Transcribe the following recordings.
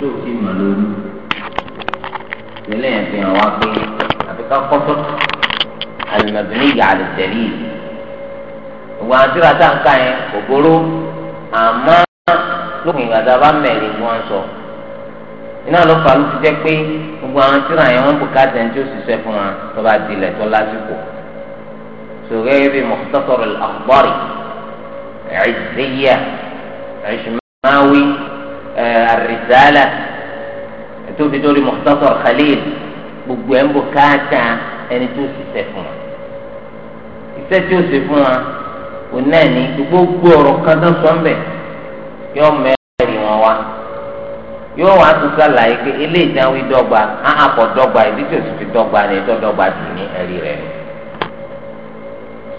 tó ti mà lórí tẹ́lẹ̀ yẹn fi hàn wá pé àfi ká kọ́tọ́ alùmọ̀bìnrin yà á lè tẹ̀lé yìí ògùn àdúrà tá à ń ká yẹn ògbóró àmọ́ lókùn ìgbà tá a bá mẹ̀rin ni wọ́n sọ iná ló fà ló fi jẹ́ pé gbogbo àwọn tíra yẹn wọ́n bùkátà ẹni tí ó ṣiṣẹ́ fún wa tó bá dilẹ̀ tó lásìkò sòrẹ́ bíi Mukhtasar al-Akhbari Izziyya Ishmawi. àrìsálà tó fi dórí Mukhtasar Khalil gbogbo ẹ̀ ń bò káàtà ẹni tó ṣiṣẹ́ fún wa iṣẹ́ gbogbo yóò wọn wa yóò wá tún sàlàyé pé ilé ìdáwí dọ́gba áhà dọgba ìdí tí òsì fi ni ní ah, ni.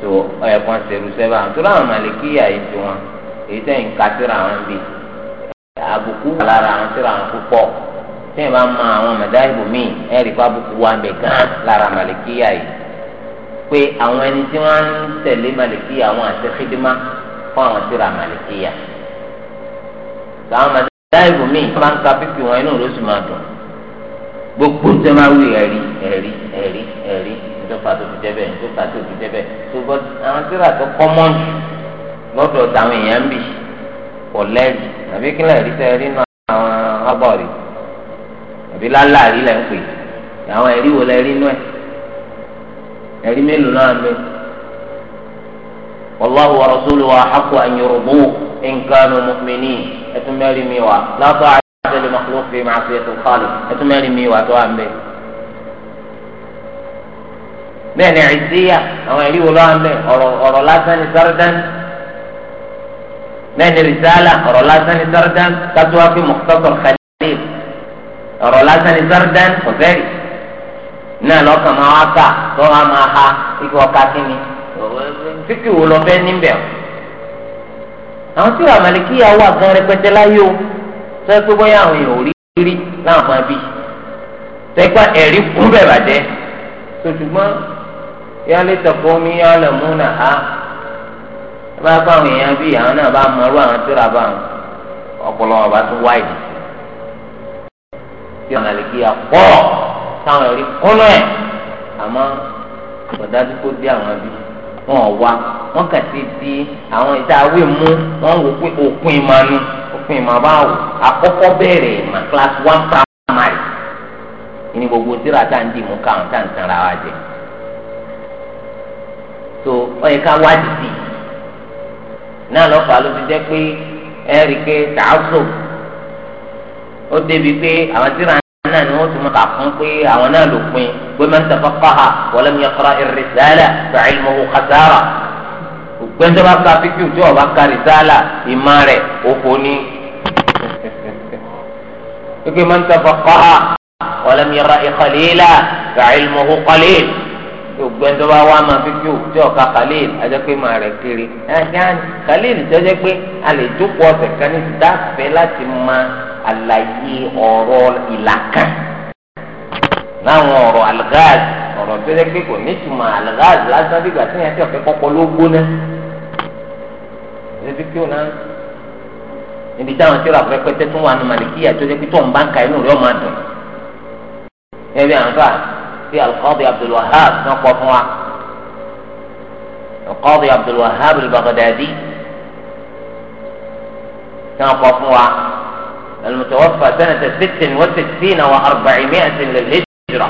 so ẹ̀kan ṣerú sẹ́fà tó láwọn àbùkù wà lára àwọn tíra àwọn púpọ̀ tí ìbá ma àwọn mẹdáìbò míì ẹ̀rí kó àbùkù wà mẹ gán lára màlìkíyà yìí pé àwọn ẹni tí wọ́n ń tẹ̀lé màlìkíyà wọn àti xidimá fún àwọn tíra màlìkíyà àwọn mẹdáìbò míì wọ́n máa ń ka pípì wọn inú lóṣù máa dùn gbogbo tí wọ́n máa wí ẹ̀rí ẹ̀rí ẹ̀rí ẹ̀rí nítorí tó fi jẹ́bẹ̀ nítorí tó fi jẹ́bẹ̀ tó gbọ́dọ̀ àwọn tíra tó kọ́ mọ́ọ̀nù kò lẹ́yìn àbí kí lẹ́yìn rí sẹ́yìn nínú àwọn ọgbọ̀rì àbí lálàrí lẹ́ ń pè àwọn ẹ̀rí wo lẹ́ rí nú ẹ̀ ẹ̀rí mélòó náà mi wàláhu wa rasulu wa haqqu an yorùbá in kanu mu'minin ẹtún mẹ́rin mi wà látọ̀ àtẹlẹ́ makhluk fi ma'siyatil khaliq ẹtún mẹ́rin mi wà tó à ń bẹ́ẹ̀ ni ìsíyà àwọn ẹ̀rí wo lọ́wọ́ à ń ọ̀rọ̀ lásán ni sárdán mẹ́ni rìsálà ọ̀rọ̀ lásán ní sárdan kátó wá pé mọ̀kútọ́sọ̀ khalil ọ̀rọ̀ lásán ní sárdan kò fẹ́rì náà lọ́kàn máa wá kà tó wá máa ha ikú ọ̀ka kínni fíkì wò lọ fẹ́ níbẹ̀ o. àwọn tí àmàlìkíyà wà gan rẹpẹtẹ láyé o sọ pé bóyá àwọn èèyàn ò rí rí láwọn máa bí tẹ́gbà ẹ̀rí kún bẹ̀ bàjẹ́ tó ṣùgbọ́n yálé tọkọ mi yálẹ̀ múnà á bá báwọn èèyàn bíi àwọn náà bá mọ irú àwọn tíra báwọn ọpọlọ wọn bá tún wáyé tí wọn àlè kí a pọ táwọn ẹrí kọlọ ẹ àmọ́ ọdájú kó dé àwọn bí wọn wá wọn kà sí di àwọn ìta awé mú wọn wò pé òpin ìmọ̀nù òpin ìmọ̀ báwò àkọ́kọ́ bẹ̀rẹ̀ ìmọ̀ class one primary ní gbogbo tíra tá à ń dì mú káwọn tá à ń jẹ so ọ yẹ wá dìde náà lọ́fà ló ti jẹ́ pé ẹ rí i pé tààzò ó débi pé àwọn tíra náà ni wọ́n ti máa kà fún pé àwọn náà ló pin pé máa ń tẹ̀ fọ́fáhà wọlé mi kọ́ra ìrìsálà fàáyé mọ́ wò kàtàrà ògbẹ́ńtẹ́ bá ka fífi òjò ọba ka rìsálà ìmá rẹ̀ òfò ni. pé máa ń tẹ̀ fọ́fáhà wọlé mi ra ìkọ̀lélà fàáyé mọ́ wò kọ́lélà gbogbo ẹni tó bá wá máa fi kíw tí ọ̀ka khalil ajẹ́ pé máa rẹ̀ kiri ẹ̀hán khalil tó jẹ́ pé a lè jókòó ọ̀sẹ̀ kan ní ti dáfẹ́ láti mọ àlàyé ọ̀rọ̀ ìlàkàn láwọn ọ̀rọ̀ algaz ọ̀rọ̀ tó jẹ́ pé kò ní ìtumọ̀ algaz lásán dìgbà tí yẹn ti ọ̀fẹ́ kọ́kọ́ ló gbóná ẹ̀fẹ́ kíw náà níbi táwọn tí ó rà pẹ́pẹ́tẹ́ tún wà nù màlìkíyà tó jẹ́ pé tó ń bá ń ka inú rẹ̀ ọ̀ في القاضي عبد الوهاب نقطه القاضي عبد الوهاب البغدادي سنقطوع المتوفى سنة 66 و400 للهجرة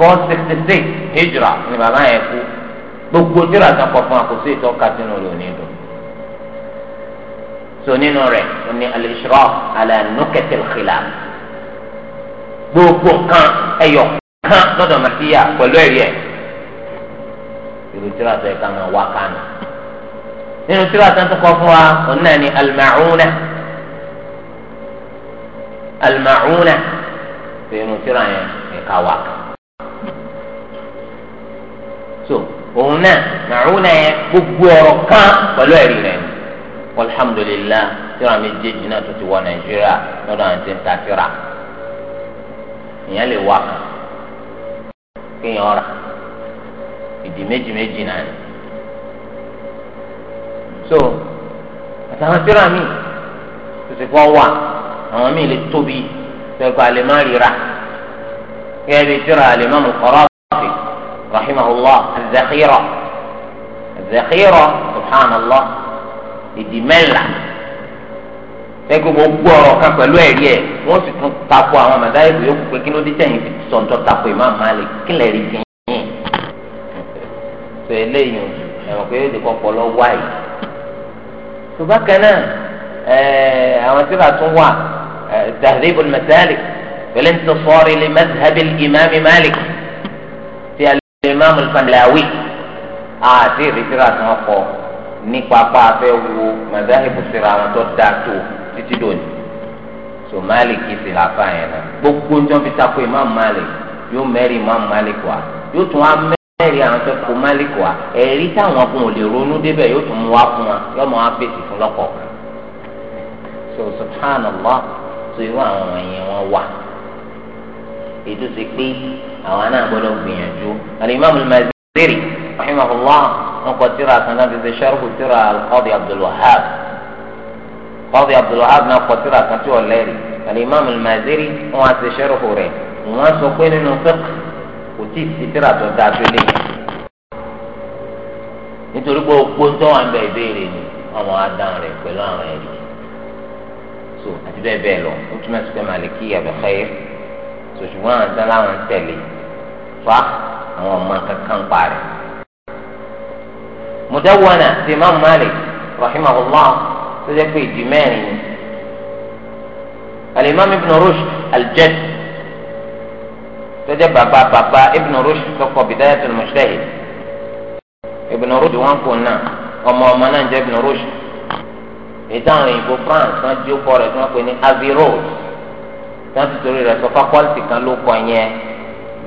466 هجرة لما ما يكون بكو ترى سنقطوع قصيت وكاتنو لونيدو سنينو ري سنين الإشراف على نكت الخلاف بكو كان أيوه kán lọ́dọ̀ màtíyà pẹ̀lú ẹ̀rí ẹ̀ irú tíra tó yẹ ká máa wá kánú nínú tíra tó ń tó kọ́ fún wa òun náà ni alimauna alimauna tó irú tíra yẹn ẹ̀ka wá kan so òun náà màrúnà yẹn gbogbo ọ̀rọ̀ kan pẹ̀lú ẹ̀rí rẹ̀ alhamdulilah tíra méjèèjì náà tó ti wọ nàìjíríà lọ́dọ̀ àwọn ta tíra ìyẹn lè wá kan kéèyàn ọ̀rà ìdí méjì méjì náà ni so àtàwọn tíra mi tètè kọ́ wà àwọn míì lè tóbi tẹ̀kọ́ àlè má rira kẹ́ẹ́ bí tíra àlè má mú kọ́rọ́ àfi rahimahullah az-zakhira subhanallah ìdí mẹ́la ẹgbẹ́ wọn gbọ́ ọ̀rọ̀ kan pẹ̀lú ẹ̀rí ẹ̀ wọ́n sì tún tako àwọn màdáyé kò yókù pé kí ló dé tẹ̀yìn fi sọ̀tọ̀ tako Imam Malik kí lè rí tẹ̀yìn. sọ eléyìí ẹ̀wọ̀n pé èdè kọ́kọ́ lọ wáyé. ṣùgbọ́n kan náà àwọn tí wàá tún wà Tahdhibul Masalik wal-Intisar li madhhabil Imam Malik ti al-Imam al-Fahlawi àti ìrètí rà títí dòní so máàlìkì sì làáfà yẹn náà gbogbo ń jọ́n fi takò ìmáàmù máàlìkì yóò mẹ́rin ìmáàmù máàlìkì wa yóò tún wá mẹ́rin àwọn tó kó máàlìkì wa ẹ̀rí táwọn kan ò lè ronú débẹ̀ yóò tún wá fún wa yóò mọ wá fèsì fún lọ́kọ̀ so subhanallah so irú àwọn wọ̀nyẹn wọn wà ètò sì pé àwọn náà gbọdọ̀ gbìyànjú alimami maziri rahimahullah wọn kọ tírà kan fi ṣe sẹ́rù tírà alqadi abdulwahab. kọ́ọ̀dì abdulwahab náà kọ síra kan tí ọ̀lẹ́ rí alimam almaziri wọn àti sẹ́rùkù rẹ̀ wọn sọ pé nínú fiqh kò tí ì sí síra tó dáa tó lé nítorí pé gbogbo ń tọ́wọ́ àbẹ̀ ìbéèrè ni àwọn adán rẹ̀ pẹ̀lú àwọn ẹ̀rí so àti bẹ́ẹ̀ bẹ́ẹ̀ lọ ó túmọ̀ sí pé màlìkí àbẹ̀kẹ́yẹ so ṣùgbọ́n àwọn adán láwọn ń tẹ̀lé fa àwọn ọmọ kankan parẹ́ mudawwana ti imam malik rahimahullah. tó jẹ́ pé ìdí mẹ́rin ni alimami ibn rushd aljad tó jẹ́ bàbá bàbá ibn rushd kọ́kọ́ bidayatul mujtahid ibn rushd wọn kò náà ọmọ ọmọ náà jẹ́ ibn rushd ìtàn òyìnbó france wọn jó kọ rẹ̀ tí wọ́n pè ní avirod tí wọ́n ti torí rẹ̀ sọ fakọ́lìtì kan ló kọ yẹn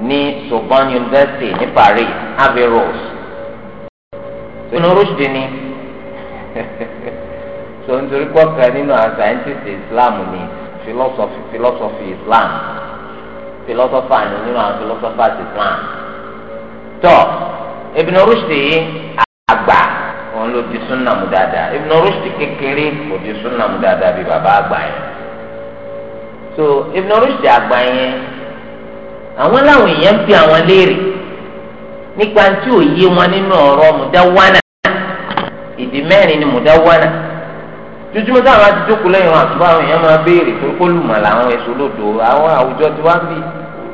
ní sorbonne university ní paris avirod ibn rushd ni. so nítorí pọ́kà nínú àwọn sáyẹ́ntìsì islam ni philosophy philosophy islam philosopher ni nínú àwọn philosophers islam tọ́ Ibn Rushdi yìí àgbà òun ló di súnà dáadáa Ibn Rushdi kékeré kò di súnà mu dáadáa bí bàbá àgbà yẹn so Ibn Rushdi àgbà yẹn àwọn làwọn èèyàn ń bi àwọn léèrè nípa tí ò yé wọn nínú ọ̀rọ̀ mùdáwánà ìdí mẹ́rin ni mùdáwánà jojúmọ́ táwọn àti jókòó lẹ́yìn wọn àtúbọ̀ àwọn èèyàn máa béèrè pé kó lùmọ̀ làwọn ẹ̀sọ́ lòdò àwọn àwùjọ tí wọ́n bí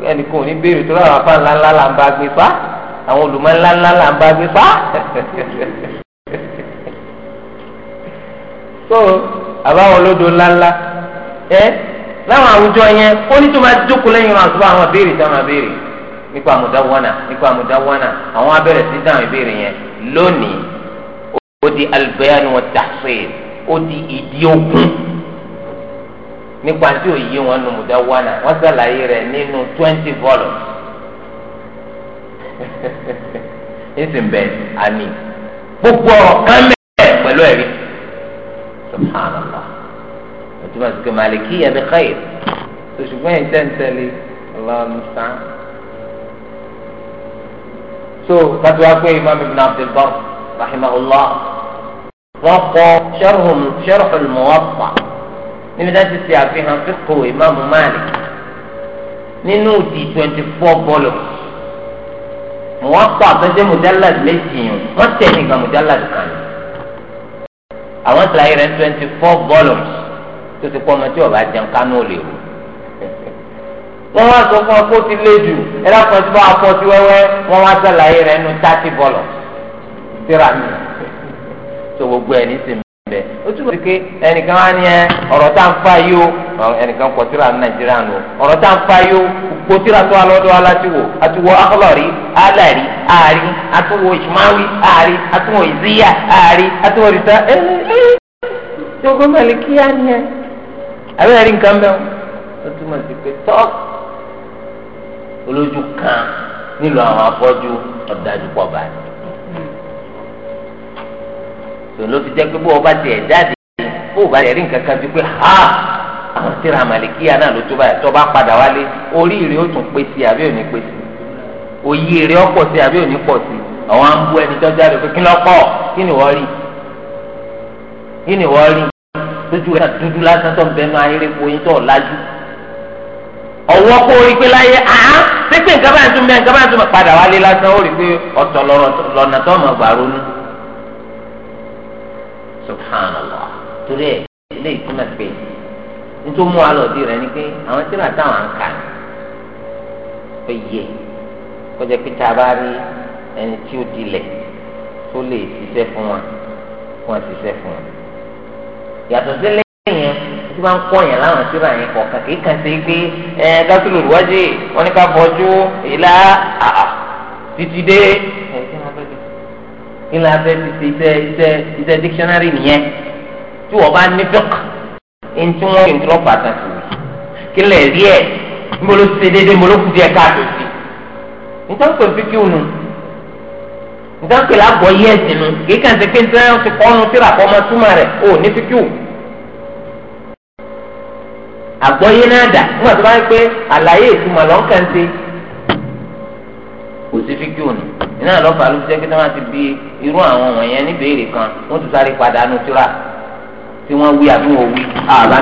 ẹnì kan ò ní béèrè tó láwọn afá ńláńlá là ń bá gbé fá àwọn olùmọ̀ ńláńlá là ń bá gbé fá. so àbáwọn olódò ńláńlá ẹ láwọn àwùjọ yẹn ó ní tó máa jókòó lẹ́yìn àtúbọ̀ àwọn béèrè tá máa béèrè nípa àmùdáwọ́nà nípa àmùdáwọ́nà àwọn abẹ́rẹ́ sí ó di ìdí okun nípa tí òye wọn nu mùdá wánà wọn ṣàlàyé rẹ̀ nínú twenty volumes ẹsìn bẹ́ẹ̀ àní gbogbo ọ̀rọ̀ kan mẹ́ẹ̀ pẹ̀lú ẹ̀rí subhanallah ẹtùmọ̀ sí pé màlìkí yẹn bí káyè ṣùgbọ́n yẹn tẹ́ǹtẹ́lẹ̀ ọlọ́ọ̀nùsá. so kátó wá pé imam ibn Abdul abdulbar rahimahullah wọ́n kọ sharhul muwatta níbi tá a ti ṣe àfihàn fíkò ìmáàmù Malik nínú di twenty four bọ́ọ̀lù muwatta àtọ́jẹ́ mujallad méjì yìí wọ́n tẹ̀ nìkan mujallad kan àwọn tìláyé rẹ̀ twenty four bọ́ọ̀lù tó ti pọ́ ọmọ tí ọba jẹun kánú ò lè wò wọ́n wá sọ fún ọ ti lé jù ẹ̀rọ kan tí wọ́n wẹ́wẹ́ wọ́n wá sàlàyé rẹ̀ nù thirty bọ́ọ̀lù síra mi. tó gbogbo ẹ̀ ní sinmi bẹ́ẹ̀ o túbọ̀ sí pé ẹnìkan á ní ẹ ọ̀rọ̀ tá ń fa yìí o ẹnìkan kọ̀ tíra nàìjíríà nù ọ̀rọ̀ tá ń fa yìí o kò tíra tó alọ́dọ̀ alátiwò àtiwò akọlọ́rí alàrí àárí àtiwò ìsmáwí àárí àtiwò ìzíyà àárí àtiwò ẹ tòun ló fi jẹ́ pé bó o bá tiẹ̀ jáde bó o bá tiẹ̀ rí nǹkan kan ju pé ha àwọn tíra màlìkíyà náà ló tó báyìí tó bá padà wálé oríire ó tún pé sí àbí òní pé sí òye rẹ̀ ọ̀pọ̀ sí àbí òní pọ̀ sí àwọn à ń bú ẹni tó jáde pé kí ló pọ̀ kí ni wọ́n rí kí ni wọ́n rí lójú rẹ̀ dúdú lásán tó ń bẹnu ayéréko yín tó lájú ọwọ́ kó o rí pé láyé àá pépè nǹkan bá ń tún bẹ́ẹ̀ nǹkan bá ń tún padà wálé lásán ó rí pé ọ̀tọ̀ lọ́nà tó mọ̀ gbà ronú subhanallah torí ẹ ilé ìtumọ̀ pé nítorí mú alọ́ọ̀dì rẹ ni pé àwọn tíra táwọn ń kà ó yẹ kọjá pé tá a bá rí ẹni tí ó dilẹ̀ tó lè ṣiṣẹ́ fún wa fún wa ṣiṣẹ́ fún wa yàtọ̀ sílẹ̀ yẹn tí wọ́n ń kọ́ yẹn láwọn síra yẹn kọ̀ọ̀kan kì í sí pé ẹ dátúlù wájú wọn ní ká bọ́jú ìlà títí dé ńlá fẹ́ ti ṣe iṣẹ́ iṣẹ́ dictionary nìyẹn tí wọ́n bá ní fẹ́k ẹni tí wọ́n ń tọ́ pàtàkì kí lè rí ẹ̀ mbolo ṣe déédéé mbolo kù díẹ̀ káàtó sí i nítorí pé fi kíw nù nítorí pé lágbọ̀ yí ẹ̀sìn nù kì í kàn ṣe pé nítorí wọn ti kọ́ ọ́nù síra kọ́ túmọ̀ rẹ̀ ó ní fi kíw àgbọ̀yé náà dà nígbà tó bá yẹ pé àlàyé ìtumọ̀ lọ́nkàn ṣe kò sí fíkì òní iná lọ́fà ló jẹ́ pé tí ti bí irú àwọn wọ̀nyẹn níbèrè kan wọ́n ti sáré padà nu tí wọ́n wí àbí wọ́n wí àbá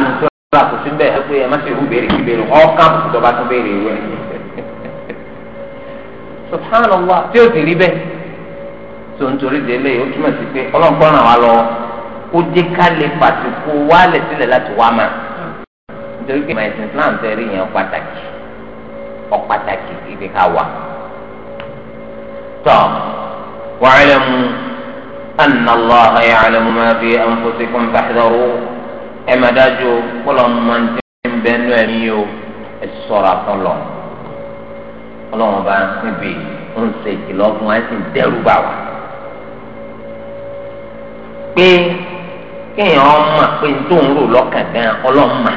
kò sí bẹ́ẹ̀ ẹ má béèrè kí béèrè ọ̀ọ́kàn kò tó bá tún béèrè ìwé subhanallah tí ó ti rí bẹ́ẹ̀ tó ń torí délé ó túmọ̀ sí pé wa lọ ó dé ká lè pàtìkú wálẹ̀ sílẹ̀ láti wá máa nítorí pé tọ́ wa'lamu anna Allaha ya'lamu ma fi anfusikum fahdharu ẹ̀ má dájú kọ́lọ́ máa ń tẹ́ ń bẹ́ẹ̀ nú ẹ̀mí o ẹ̀ sọ̀rọ̀ àtọ́lọ́ ọlọ́run bá níbi ń ṣe ìkìlọ̀ fún wa ẹ̀ sì ń dẹ́rù bà wá. pé kéèyàn ọmọ pé tó ń rò lọ́kàn gan ọlọ́run mà.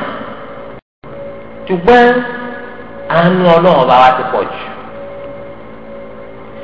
ṣùgbọ́n àánú ọlọ́run bá wa ti pọ̀ jù.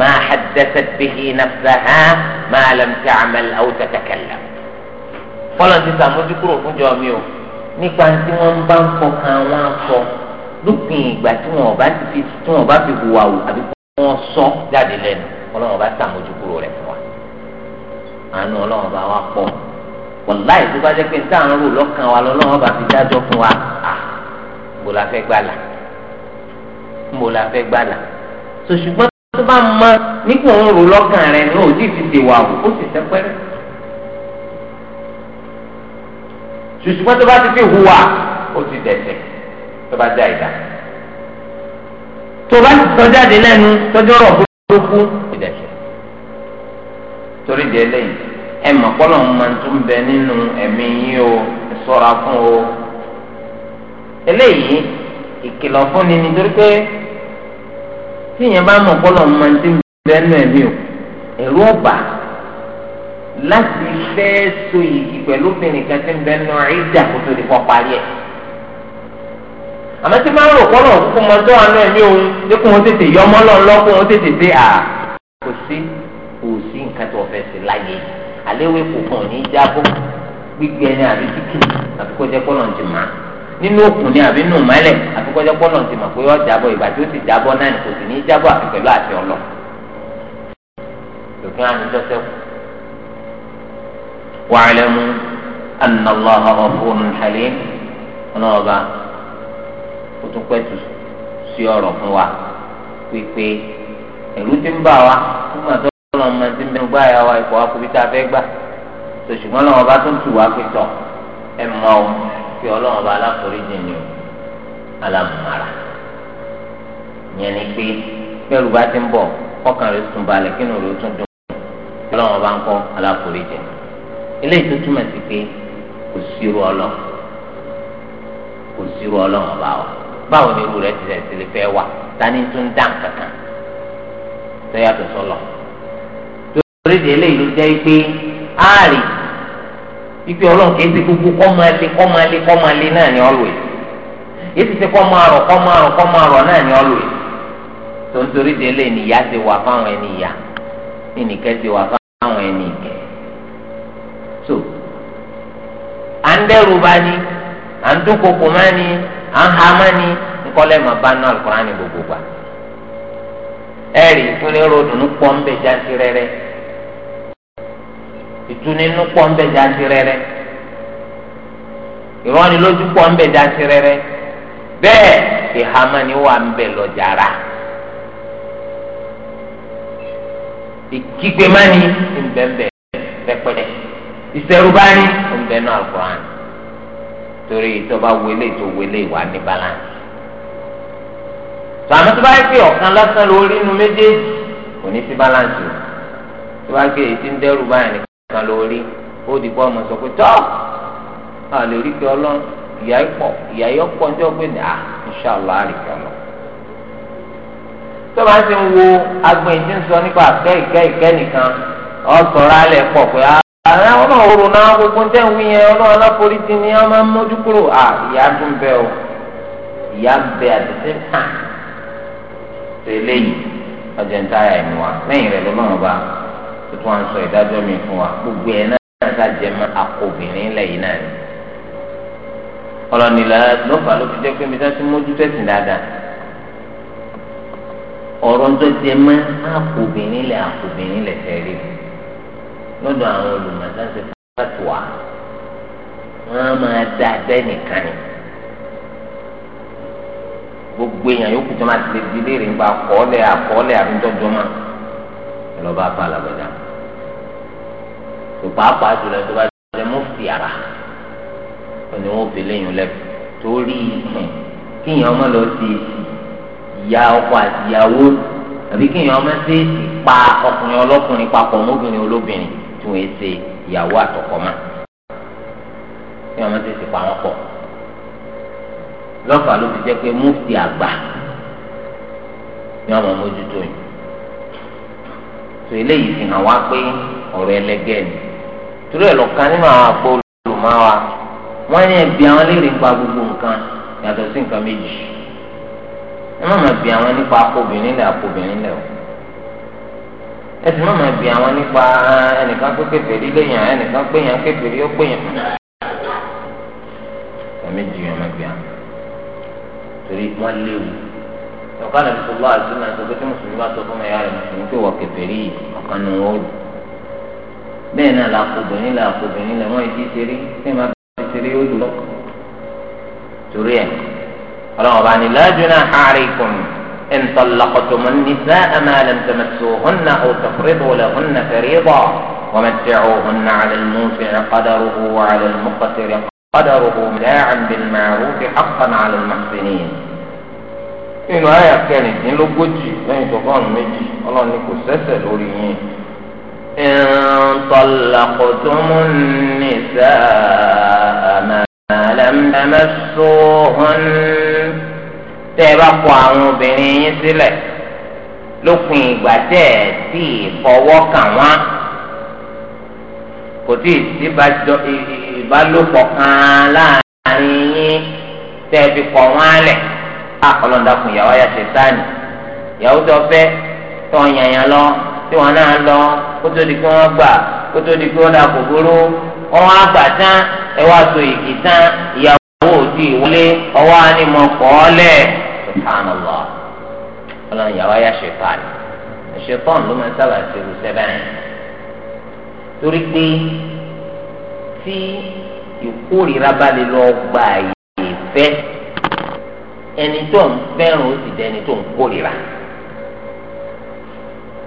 ما حدثت به نفسها ما لم تعمل أو تتكلم fọlọ́n ti sàmójú kúrò fún jọ mi o nípa tí wọ́n ń bá ń fọkàn wọn sọ lópin ìgbà tí wọn bá fi tí wọn bá fi hùwà wò àbí kí wọ́n sọ jáde lẹ́nu ọlọ́run bá sàmójú kúrò rẹ̀ fún wa àánú ọlọ́run bá wa pọ̀ wọláì tó bá jẹ́ pé tá à lọ́kàn wa lọ́lọ́run bá fi dájọ́ fún wa à fẹ́ gbàlà ń fẹ́ gbàlà tó bá mọ nípò ń rò lọ́kàn rẹ̀ ní òjì ti dèwà ó sì tẹ́pẹ́rẹ́. ṣùṣùpọ̀ tó bá ti fi hùwà ó ti dẹ̀ṣẹ̀ tó bá já ìdá. tó bá ti sọ jáde lẹ́nu tọ́jú ọ̀rọ̀ burúkú ti dẹ̀ṣẹ̀. torí di eléyìí ẹ mọ̀ kọ́lọ̀ máa ń tún bẹ nínú ẹ̀mí yín o ẹ ṣọ́ra fún o. eléyìí ìkìlọ̀ fún ni nítorí pé tí èèyàn bá mọ̀ kọ́lọ̀ máa ń tí ń ẹ̀mí o ẹ̀rú ọ̀bà láti fẹ́ so yìí pẹ̀lú obìnrin kan tí ń bẹ́ẹ̀ nù ẹ̀dà kó tó di kọ́ parí ẹ̀ àmọ́ tí máa ń rò kọ́lọ̀ kó mọ tó àánú ẹ̀mí o ní kó wọn tètè yọ ọmọ lọ́n lọ́kó wọn tètè dé à kò sí kò sí nǹkan tó fẹ́ sí láyé àléwé kò kàn ní jábọ́ gbígbé ẹni àbí kíkì àbí kó jẹ́ kọ́lọ̀ ń ti máa. nínú òkun ni àbí nù mẹ́lẹ̀ àfikọ́jọ́ pọ́nà ti mọ̀ pé ó jábọ̀ ìgbà tí ó sì jábọ̀ náà ni kò sì ní jábọ̀ àti pẹ̀lú àti ọlọ. lòkè ànijọ́ sẹ́kù. wa'lamu anna Allaha ghafurun halim ọlọ́ọ̀ba ó tún pẹ́tù sí ọ̀rọ̀ fún wa pípé ẹ̀rú ti ń bà wá fún àtọ́nà ọmọ tí ń bẹ́ẹ̀ wa wa fẹ́ gbà. ọ pé ọlọ́run ọba aláforíjì ni o alámùmárà yẹn ni pé bẹ́ẹ̀rù bá ti ń bọ̀ ọkàn rẹ̀ tún balẹ̀ kí nù rẹ̀ tún dùn ọlọ́run ọba ń kọ́ aláforíjì eléyìí tó túmọ̀ sí pé kò sírú ọlọ́ kò sírú ọlọ́run ọba o báwo ni irú rẹ̀ ti rẹ̀ ti lè fẹ́ wà tani tún dá kankan tó yàtọ̀ sọlọ torí de eléyìí ló jẹ́ pé áàrì. ikpe ọlọ́run kìí ṣe gbogbo kọ́ máa le kọ́ máa le kọ́ máa náà ni always yìí ti ṣe kọ́ máa rọ̀ ni ti wà fáwọn ẹni ìyá ti wà fáwọn ẹni so à ń dẹ́rù bá ní à ń dúnkokò má ní à ń gbogbo gbà ìtúnínú pọ̀ ń bẹ̀ jáde rẹ́rẹ́ ìránilójú pọ̀ ń bẹ̀ jáde rẹ́rẹ́ bẹ́ẹ̀ ìhámani wà ń bẹ̀ lọ́jàrá ìkígbe mani ń bẹ̀ ń bẹ̀ pẹ́pẹ́lẹ́ ìṣẹ̀rúbani ń bẹ̀ nù àlùkùránì torí ìtọ́ba wọlé tó wọlé wà ní balance tòun tó bá yẹ pé ọ̀kan lásán lórí inú méjèèjì kò ní sí balance o tó bá gbé èyí tí ń dẹ́rù báyìí kan lórí ó di bọ́ ọmọ sọ pé tọ́ a lè rí pé ọlọ́run ìyá ìpọ̀ ìyá ìyọ́pọ̀ ọjọ́ pé ní à ìṣàlọ́ àríkà lọ. tó bá ń ti ń wo agbẹ̀yìn tí ń sọ nípa àkẹ́ ìkẹ́ ìkẹ́ nìkan ọ̀sọ̀rọ̀ alẹ̀ pọ̀ pé ah, àwọn ọmọ òru náà gbogbo ń tẹ̀wé yẹn ọlọ́run aláforí ti ní ọmọ mójú kúrò à ìyá tún bẹ o ìyá bẹ àtẹ̀tẹ̀ hàn tẹ̀lé yìí ọjọ́ ń táyà ìmúwa lẹ́yìn rẹ̀ lọ́mọ́ tó wá ń sọ ìdájọ́ mi fún wa gbogbo ẹ̀ náà ká jẹ mọ́ akọbìnrin lẹ́yìn náà ni ọlọ́nìlá lọ́fà ló fi jẹ́ pé mi sáti mójú tẹ̀sìn dáadáa ọ̀rọ̀ tó jẹ mọ́ akọbìnrin lẹ̀ akọbìnrin lẹ̀ tẹ̀lé lọ́dọ̀ àwọn olùmọ̀sánsẹ́ fàtùwà wọ́n máa dá abẹ́nìkan ni gbogbo èèyàn yòókù tó máa ti lè di léèrè nípa àkọọ́lẹ̀ àkọọ́lẹ̀ àbíntọ́jọ́ máa lọ́ba bá làbẹ̀dá tó pàápàá jùlọ tó bá jẹ mufti ara òní wọn fi léyìn lẹbi torí kíyàn ọmọ lọ sí ìyá ọkọ àti ìyàwó àbí kíyàn ọmọ ṣe pa ọkùnrin ọlọ́kùnrin papọ̀ mọ́bìnrin olóbìnrin tí wọ́n ṣe ìyàwó àtọkọ mọ́ kíyàn ọmọ ṣe ti pa wọn pọ̀ lọ́fà ló fi jẹ́ pé mufti àgbà ni wọ́n mọ̀ mójútó yìí tó eléyìí fi hàn wá pé ọ̀rọ̀ ẹlẹgẹ́ ni torí ẹ̀ lọ́kàn nínú àwọn àpò olùmọ̀ wa wọ́n ní ẹ̀bí àwọn léèrè nípa gbogbo nǹkan yàtọ̀ sí nǹkan méjì ẹ má má bí àwọn nípa akóbìnrin lẹ̀ akóbìnrin lẹ̀ o ẹ sì má má bí àwọn nípa ah, ẹnìkan pé kèfèrí léyìn ẹnìkan pé yàn kèfèrí ó pé yàn ẹ méjì yàn má bí àwọn torí wọ́n léwu ọ̀kan àti sọ́lá àti sọ́lá àti sọ́kẹ́tì mùsùlùmí bá sọ fún ẹ̀yà rẹ̀ mùsùlùmí pé wọ́n kèfèrí ọ̀kan nù wọ́ọ̀lù. bẹ́ẹ̀ náà la kó obìnrin la kó obìnrin lẹ̀ wọ́n yìí ti ṣeré ṣé máa fi ṣeré yóò dùn lọ́kọ̀ torí ẹ̀ ọlọ́run ọba ni lájúná àárẹ̀kùn إن طلقتم النساء ما لم تمسوهن أو تفرضوا لهن فريضة ومتعوهن على الموسع قدره وعلى المقتر قدره متاعا بالمعروف حقا على المحسنين nínú àyà kẹrìndínlógójì lẹ́yìn tó fọ́ọ̀nù méjì ọlọ́run ní kò sẹ́sẹ̀ lórí yín إن النساء ما لم تمسوهن tẹ́ عن bá kọ àwọn obìnrin yín sílẹ̀ lópin ìgbà tẹ́ ẹ tí ì fọwọ́ kàn wọ́n kò tí ì sí ìbálòpọ̀ kan láàrin yín tẹ́ ẹ fi kọ̀ wọ́n alẹ̀ ọlọ́dà kùn yàwó ayàṣẹ sáà ni yàwó tó fẹ́ tó ń yànyàn tí wọn náà lọ kótó di pé wọn gbà kótó di pé wọn dà kòkòrò wọn á gbà tán ẹ wá so ìgì tán ìyàwó òdì ìwọlé ọwọ́ ànímọ̀ kọ́ọ́lẹ̀ subhanallah ọlọ́run ìyàwó ayá ṣèpàn ṣèpàn ló máa ń sábà ṣerú sẹ́bẹ̀rẹ̀ torí pé tí ìkórìíra bá lè lọ gba ìfẹ́ ẹni tó ń fẹ́ràn ó sì dẹni tó ń kórìíra.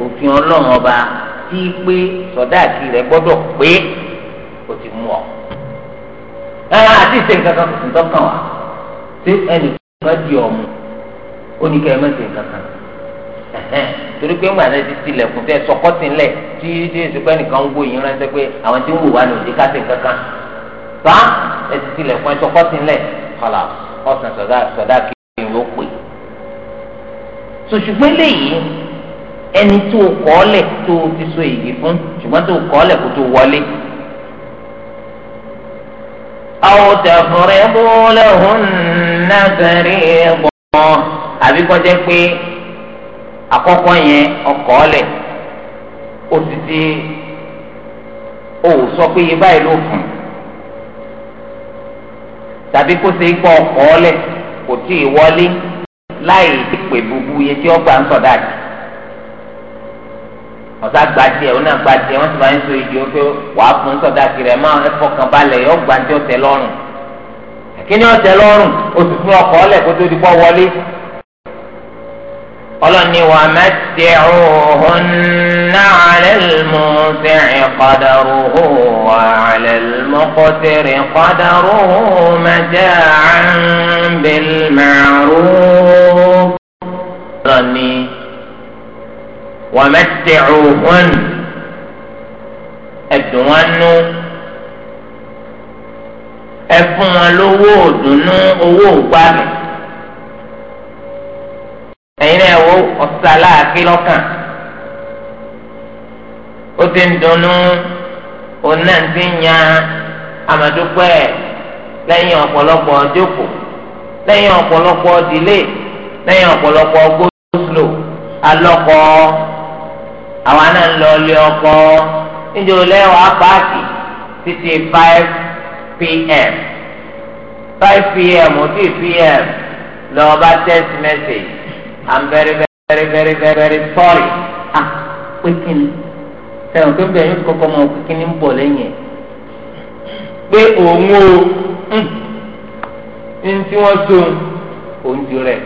òfin ọlọ́run ọba tí í pé sọ̀dáàkì rẹ̀ gbọ́dọ̀ pé o ti mú ọ. ẹ̀rọ àti ìṣe nǹkan kan kò sí tọ́kàn wá tí ẹnì kan di ọ̀mù ó ní kẹ́ nǹkan kan. torí pé ńgbà náà ti tilẹ̀kùn tẹ sọkọ́tì ńlẹ̀ tí tí èsì pé nìkan ń wò ránṣẹ́ pé àwọn tí ń wò wá ní òde ká sí nǹkan kan. bá ẹ ti tilẹ̀kùn ẹ sọkọ́tì ńlẹ̀ kọlà ọ̀sán sọ̀dáàkì rẹ̀ yóò pè. sòṣùgbọ́n léyìí ẹni tó kọ́ọ̀lẹ̀ tó ti so èyí fún ṣùgbọ́n tó kọ́ọ̀lẹ̀ kó tó wọlé. àwọn tẹ̀fọ̀rẹ́ bó lẹ́hùn náà fẹ́rẹ́ bọ̀ àbí kọjá pé àkọ́kọ́ yẹn ọkọ̀ọ̀lẹ̀ ó ti di ó sọ pé iye báyìí ló fún tàbí kó ṣe gbọ́ ọkọ̀ọ̀lẹ̀ kò tí ì wọlé láì pè gbogbo iye tí ó ń sọ̀dá àti ọ̀sá gba tiẹ̀ ọ̀nà gba tiẹ̀ wọ́n ti máa ń so ìdí o pé wàá fún sọ̀dá kiri ẹ̀ máa ẹ̀fọ́ kan balẹ̀ yọ gba tí ó tẹ lọ́rùn kíní ọ̀tẹ lọ́rùn oṣù fún ọkọ̀ ọ̀lẹ̀ kó tó di pọ̀ wọlé ọlọ́ni wà mẹ́tẹ̀ ọ̀hún náà alẹ́lmú sẹ́yìn kọ́dọ̀rọ̀ wà alẹ́lmú kọ́tẹ̀rẹ̀ kọ́dọ̀rọ̀ mẹ́tẹ̀ àǹbẹ̀lmẹ̀rún ومتعوهن ẹdùnwánú ẹfún wọn lówó òdùnnú owó ògbádùn ẹ̀yin náà wo ọ̀sà láàkí lọ́kàn ó ti ń dunnú òun náà ti ń yan amadupẹ́ lẹ́yìn ọ̀pọ̀lọpọ̀ ọdíòkò lẹ́yìn ọ̀pọ̀lọpọ̀ ọdílé lẹ́yìn ọ̀pọ̀lọpọ̀ gósùlò alọ́kọ̀ọ́ àwa náà ń lọ ilé ọkọ níjẹ́ olẹ́wàá páàkì títí five pm five pm ó ti pm lọ́ọ́ bá text message i'm very very very very very sorry ah pé kí ni sẹ́wọ̀n pé bẹ́ẹ̀ yóò kọ́kọ́ mọ kí ni ń bọ̀ lẹ́yìn ẹ̀ pé òun o ní tí wọ́n so òun ti rẹ̀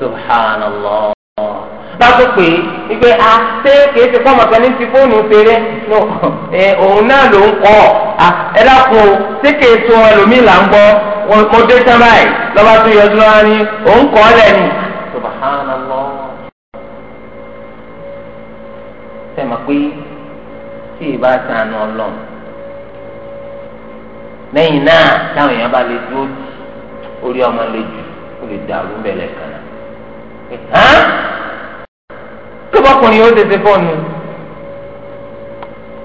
subhanallah báko pé wípé a ah, ṣé kìí ṣe fọ́ọ̀mù kan ní ti fóònù ṣeré eh, òun náà ló ń kọ́ ọ ah, ẹ dákun o ṣé kìí sun ẹlòmíì là ń gbọ́ mo dé tán báyìí lọ́ba tó yọ ọdún lọ́wọ́ ni òun kọ́ ọ lẹ́nu. sẹ́mi pé tí ì bá sànù ọlọ́run lẹ́yìn náà táwọn èèyàn bá lè dúró orí ọmọ lè jù ó lè dàrú bẹ̀lẹ̀ kan bọ́kùnrin yóò tètè fọ́ọ̀nù.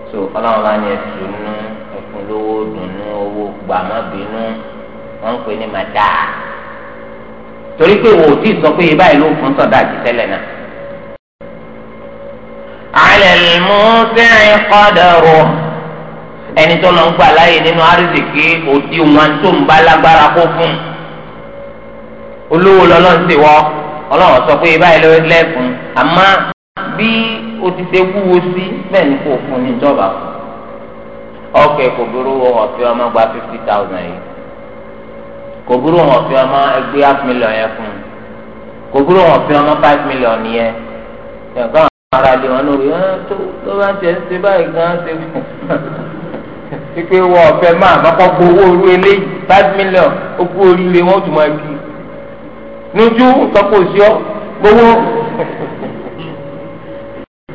so ọlọ́run bá ní ẹ̀sùn nù ẹ̀kún lówó dùnú owó gbàmọ́bínú wọ́n ń pè ní màdá torí pé wò ó tí ì sọ pé ibà ìlú fún sọ̀dá àti tẹ́lẹ̀ náà. alẹ́ mùsílẹ̀ kọ́dọ̀rọ̀ ẹni tó lọ ń gbà láàyè nínú àrísìkí òdi wọn tó ń bá lágbára kó fún olówó lọ́lọ́ ń ọlọ́run sọ pé ibà ìlú lẹ́kùn àmọ́ bí o ti ṣe wúwo sí bẹ́ẹ̀ ni kò fún ní ìjọba ọkẹ kò burú ọ̀fẹ́ ọmọ gba fifty thousand yìí kò burú ọ̀fẹ́ ọmọ ẹgbẹ́ half million yẹn fún un kò burú ọ̀fẹ́ ọmọ five million yẹn ẹ̀ka ara lè wọn lórí ẹ ah, tó bá ń tẹ̀ ṣe báyìí gan ṣe fún un pé wọ́n ọ̀fẹ́ máa bá kọ́ gbowó orí eléyìí five million ó kú oríire wọ́n tún máa kí i lójú sọ pé òṣìọ́ gbowó.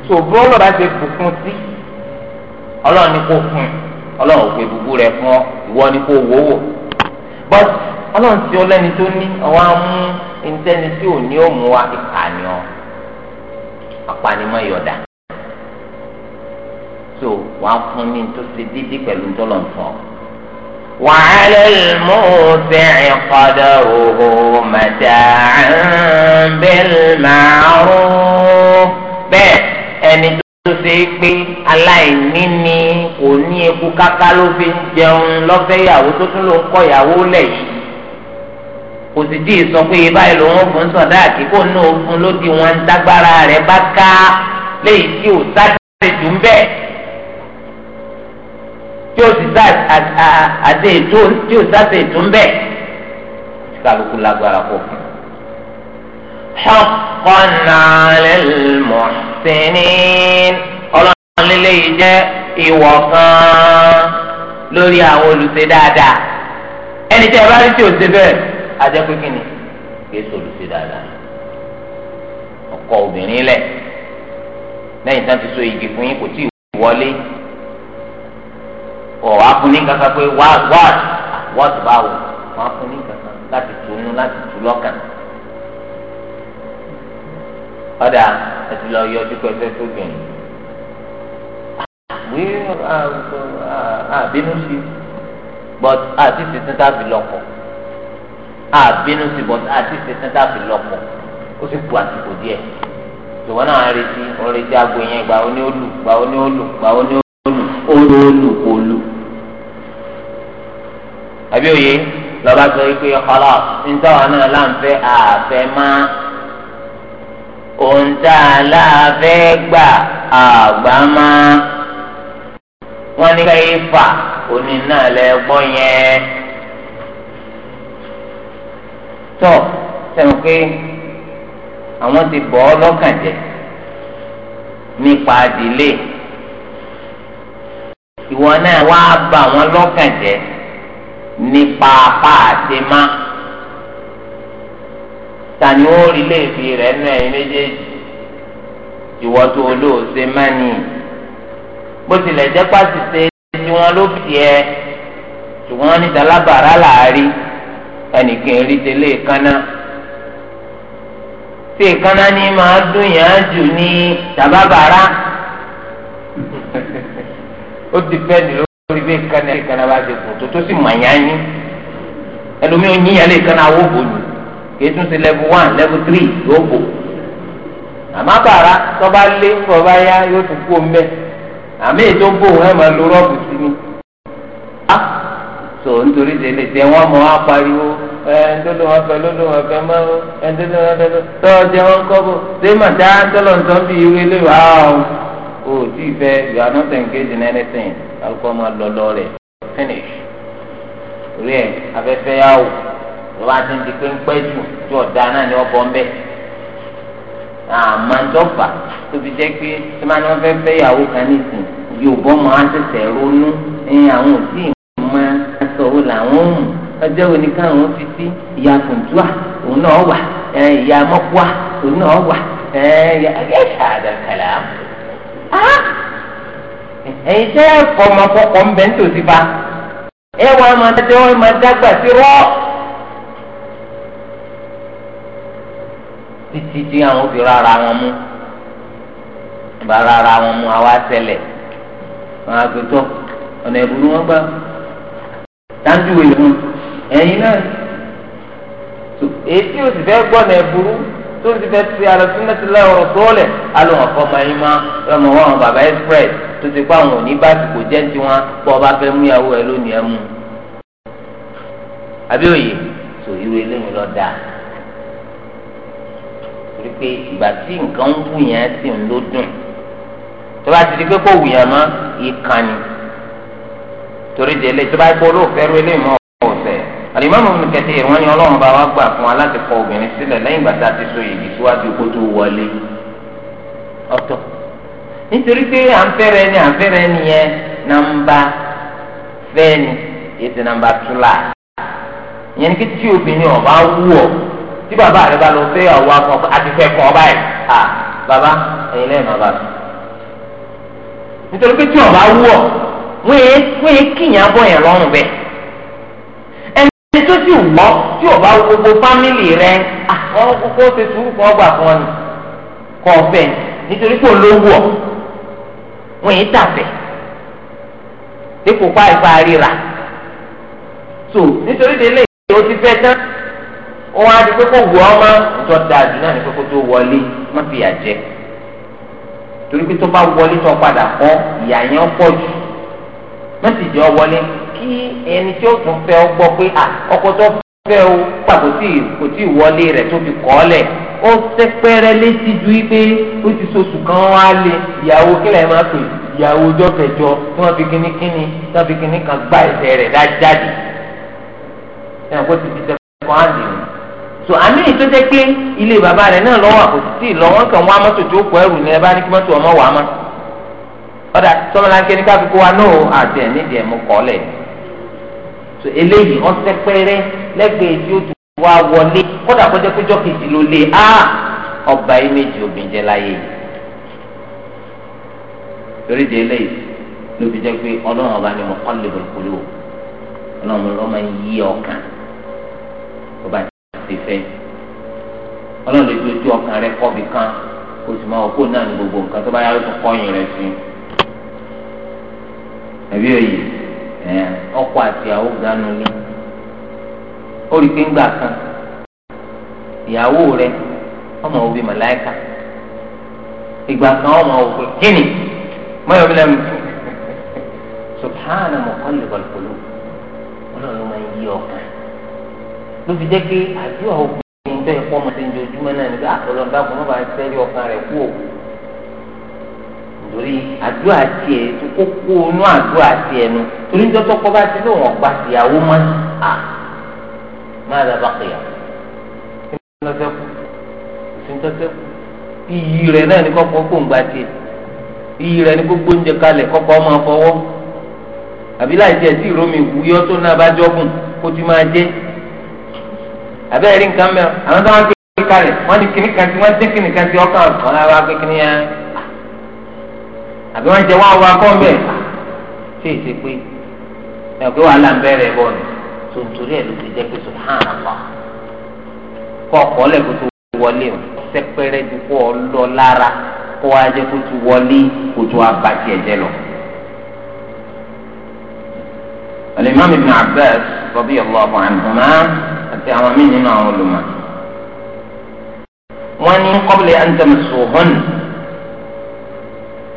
tó bọ́ọ̀lù bá ṣe bùkún sí ọlọ́run ní kó fún un ọlọ́run ò pé rẹ̀ fún ọ ìwọ ni kó wò wò but ọlọ́run tí ó lẹ́ni tó ní ọwọ́ á mú ẹnikẹ́ni tí ò ní òmù wa ìpànìyàn apanimọ̀ yọ̀dà so wà á fún ní tó ṣe dídí pẹ̀lú tọ́lọ̀ nǹkan wàhálà ìmọ̀ òfin ìkọ̀dọ̀ òhò màdà ẹni tó ṣe é pé aláìní ni kò ní eku káká ló fi ń jẹun lọ́fẹ́ ìyàwó tó tún ló ń kọ́ ìyàwó lẹ̀ yìí kò sì tí ì sọ pé ibà ìlú wọn fún sọdá àkíkò náà fún lódì wọn dágbára rẹ̀ bá ká léyìí tí ò sáté jù ń bẹ́ẹ̀ tí ó sì sá àti ètò tí ó sáté jù ń bẹ́ẹ̀ kálukú lágbára pọ̀ fún حقا على المحسنين ọlọ́run lélẹ́yìí jẹ́ ìwọ̀ kan lórí àwọn olùṣe dáadáa ẹni tí a bá rí tí o ṣe bẹ́ẹ̀ ajẹ́ pé kí ni kí èso olùṣe dáadáa ọkọ obìnrin lẹ̀ lẹ́yìn tán ti so igi fún yín kò tí ì wọlé ọ̀wá fún ní kankan pé wá wá wá tó bá wò wá fún ní kankan láti tùnú láti tù lọ́kàn ọ̀dà àti lọ yọjú pẹ̀lú ẹ̀fọ́gbìn. wí àbínú sí but àti sísun tá a fi lọ́kọ àbínú sí but àti sísun tá a fi lọ́kọ ó sì kú àsìkò díẹ̀ tòwọ́n náà retí retí aago yẹn gbà ó ní ó lù gbà ó ní ó lù gbà ó ní ó lù ó lù ó lù kò àbí òye lọ́ba sọ pé ọ̀la ń tọ́wọ́ náà láǹfẹ́ àfẹ́ máa òǹtà aláàfẹ́ gbà àgbámá wọ́n ní ká ifá òní náà lẹ gbọ́ yẹn. tọ́ sẹ́wọ̀n pé àwọn ti bọ̀ ọ́ lọ́kàn jẹ́ nípa àdìlé ìwọ náà wá bà wọ́n lọ́kàn jẹ́ nípa apá àti máa tani ó rí léèfì rẹ̀ nú ẹ̀yin méjèèjì ìwọ tó olóòṣe mání bó tilẹ̀ jẹ́ pàṣípè tí wọ́n ló fi ẹ́ ṣùgbọ́n níta lábàárà làárí ẹnìkan rí tẹ́lẹ̀ kánná tí ìkánná ní máa dùn yàn án jù ní tàbábàárà ó ti fẹ́ nílò lórí bí ìkánná ìkánná bá ti kù tó tó sì mọ̀ yàn án ní ẹlòmíràn yíyan lè kánná awó bò ní. kì í sí level one level three yóò bò àmọ́ bàrà tọ́ba lé tọ́ba yá yóò tún kú omi ẹ̀ àmì ètò bò ẹ̀ máa lo rọ́ọ̀bù sí mi. a ah! sọ nítorí tẹ́lẹ̀ tẹ́ wọ́n mọ̀ wọn wọn wọn wọn màtá o alukọ́ máa lọ lọ finish rí ẹ̀ afẹ́fẹ́ yà tó bá ti ń di pé ń pẹ́ jù tí ọ̀dà náà ni ọ̀bọ̀ ń bẹ̀. àmọ́ dọ́gba tó fi jẹ́ pé tí máa ní wọ́n fẹ́ fẹ́ ìyàwó kan nìsín Yorùbá máa ń tẹ̀sẹ̀ ronú ní àwọn òsì ìmọ̀ sọ̀rọ̀ làwọn ò mú ọjọ́ òní káwọn fi sí ìyá kùntùà òun náà wà ìyá mọ́kùà òun náà wà ẹ̀ẹ́dẹ̀ àdàkàlà. ẹ̀yin tẹ́ ẹ̀kọ́ ọmọkọ́kọ́ ń bẹ nítòsí bá ẹ wàá máa dájọ́ máa dágbà sí rọ́ọ̀. títí tí àwọn fi rárá wọn mú bá rárá wọn mú àwa ṣẹlẹ̀ wọn á gbẹtọ ọ̀nà ìbúrú wọn gbà dájú ìlú ẹ̀yin náà èyí tí o sì fẹ́ gbọ́ ọ̀nà ìbúrú tó ti fẹ́ ti alẹ́sìnẹ́sì lẹ́wọ̀n sọ́ọ̀lẹ̀ alóhùn ọ̀kọ́ ọmọ yín máa ọmọ wọn àwọn bàbá express tó ti pa àwọn òní bá àsìkò jẹ́ ti wọn bọ́ ọba fẹ́ mú ìyàwó ẹ lónìí ẹ mú. àbí òye sòyúrò eléyìí lọ dáa torí pé ìgbà tí nǹkan ń wù yẹn sì ń ló dùn tó bá ti di pé kò wù yẹn mọ́ ìkànnì torí délé tó bá gbọ́ olóòfẹ́ ru eléyìí mọ́ ọ̀sẹ̀ àlìmọ́mù mi kẹ̀tẹ́ ìwọ́n ni ọlọ́run bá wá gbà fún wa láti kọ obìnrin sílẹ̀ lẹ́yìn ìgbà tá a ti so èyí síwájú kó tó wọlé ọ̀tọ̀ nítorí pé à ń fẹ́rẹ̀ ni à ń fẹ́rẹ̀ ni yẹn nàmbà fẹ́ni ètò nàmbà túlà ìyẹn ni kí tí obìnrin ọ̀bá wù ọ́ tí bàbá rẹ bá lọ fẹ́ ọwọ́ akọ àti fẹ́ kọ́ báyìí à bàbá ẹ̀yin lẹ́yìn bàbá mi. nítorí pé tí ọba wú ọ wọ́n yẹ wọ́n yẹ kíyàn bọ̀ yẹn lọ́rùn bẹ́ẹ̀. ẹni tó sì wọ́ tí ọba wú gbogbo fámìlì rẹ àwọn kókó ṣe sùúrù kan ọgbà fún ọ ni kọ́ ọbẹ̀ nítorí pé olówó ọ wọ́n yẹ tàfẹ́ dípò pàìpà rírà. so nítorí délé ìyẹn o ti fẹ́ tán wọn á di pé kó wù ọmọ tó dáa jù náà ní pé kó tó wọlé wọn fi yà jẹ torí pé tó bá wọlé tó padà kọ ìyà yẹn ó pọ̀ jù wọn sì jẹ ọ wọlé kí ẹni tí ó tún fẹ́ ọ gbọ́ pé à ọkọ tó fẹ́ o pàtó tí kò tí wọlé rẹ̀ tó fi kọ́ ọ lẹ̀ ó sẹpẹrẹ létí ju pé ó ti soṣù kan wá lé ìyàwó kílẹ̀ máa pè ìyàwó ọjọ́ kẹjọ tí wọ́n fi kíní kíní tí wọ́n fi kíní kan gbá ẹsẹ̀ rẹ̀ dájáde ẹ̀ kó ti fi tẹ fún àǹdí so àmì ìtọ́jẹ́ pé ilé bàbá rẹ̀ náà lọ́wọ́ àkótí tí ìlọ́wọ́ kan wá mọ́tò tó kọ ẹrù ni ẹ bá ní kí mọ́tò ọmọ wàá wa náà àti ẹ̀ nídìí mú so eléyìí ọ̀sẹ̀ pẹ́rẹ́ lẹ́gbẹ̀ẹ́ tí ó tù wá wọlé kódà kọjá péjọ kejì ló lé a ọba yìí méjì obìnrin jẹ láyé torí de eléyìí ló fi jẹ́ pé ọlọ́run ọba ni mo kọ́ lè ti fẹ́ ọlọ́run lè dojú ọkàn rẹ kọ́ bí kan kó sì máa òkú náà ní gbogbo nǹkan tó bá yára tó kọ́yìn rẹ sí ẹbí òye ọkọ àti ìyàwó ganu ni ó rí kéńgbà kan ìyàwó rẹ ọmọ òbí màláìka ìgbà kan ọmọ òkú kíni mọ́yọ̀ mi lẹ́nu subhana mọ̀kànlélọ́lù ọlọ́run máa ń yí ọkàn ló fi jẹ́ pé àdúrà obìnrin tó ẹ̀kọ́ ọmọdé ń jojúmọ́ náà nígbà àtọ̀lọ́dá kò má bàa sẹ́rí ọkàn rẹ̀ kú o torí àdúrà tiẹ̀ tó kókó inú àdúrà tiẹ̀ nu torí níjọ́ tó kọ́ bá ti lóun ọ̀gbà tìyàwó mọ́ à ah, má dábàá kìyà síntọ́sẹ́kù iyì rẹ̀ náà ní kọ́kọ́ kó ń gba tiẹ̀ iyì rẹ̀ ní gbogbo oúnjẹ kalẹ̀ kọ́kọ́ máa fọwọ́ àbí láì tiẹ̀ sí ìrómi wúyọ́ tó náà bá jọ́gùn kó ti abẹ́rẹ́ rí nǹkan mẹ́rin àwọn tó wọ́n ti rí kárẹ̀ wọ́n ní kíní kan tí wọ́n dín kíní kan tí ọkàn wọn ara pé kíní yẹn àbí wọ́n jẹ wọ́n wọ akọ́ mẹ́ ṣé èsì pé ẹ̀ pé wàhálà ń bẹ̀rẹ̀ bọ̀ ni tòǹtòrí ẹ̀ ló ti jẹ́ pé subhanallah kọ́ ọ̀kọ́ lẹ̀ kó tó wọlé o sẹ́pẹ́rẹ́ ju kó ọ lọ lára kó wá jẹ́ kó tó wọlé kó tó wá bàjẹ́ jẹ́ lọ. الإمام ابن عباس رضي الله عنهما àti àwọn míì nínú àwọn olùmọ̀. wọ́n ní kọ́bílẹ̀ àǹtẹ̀mẹ̀sọ̀hún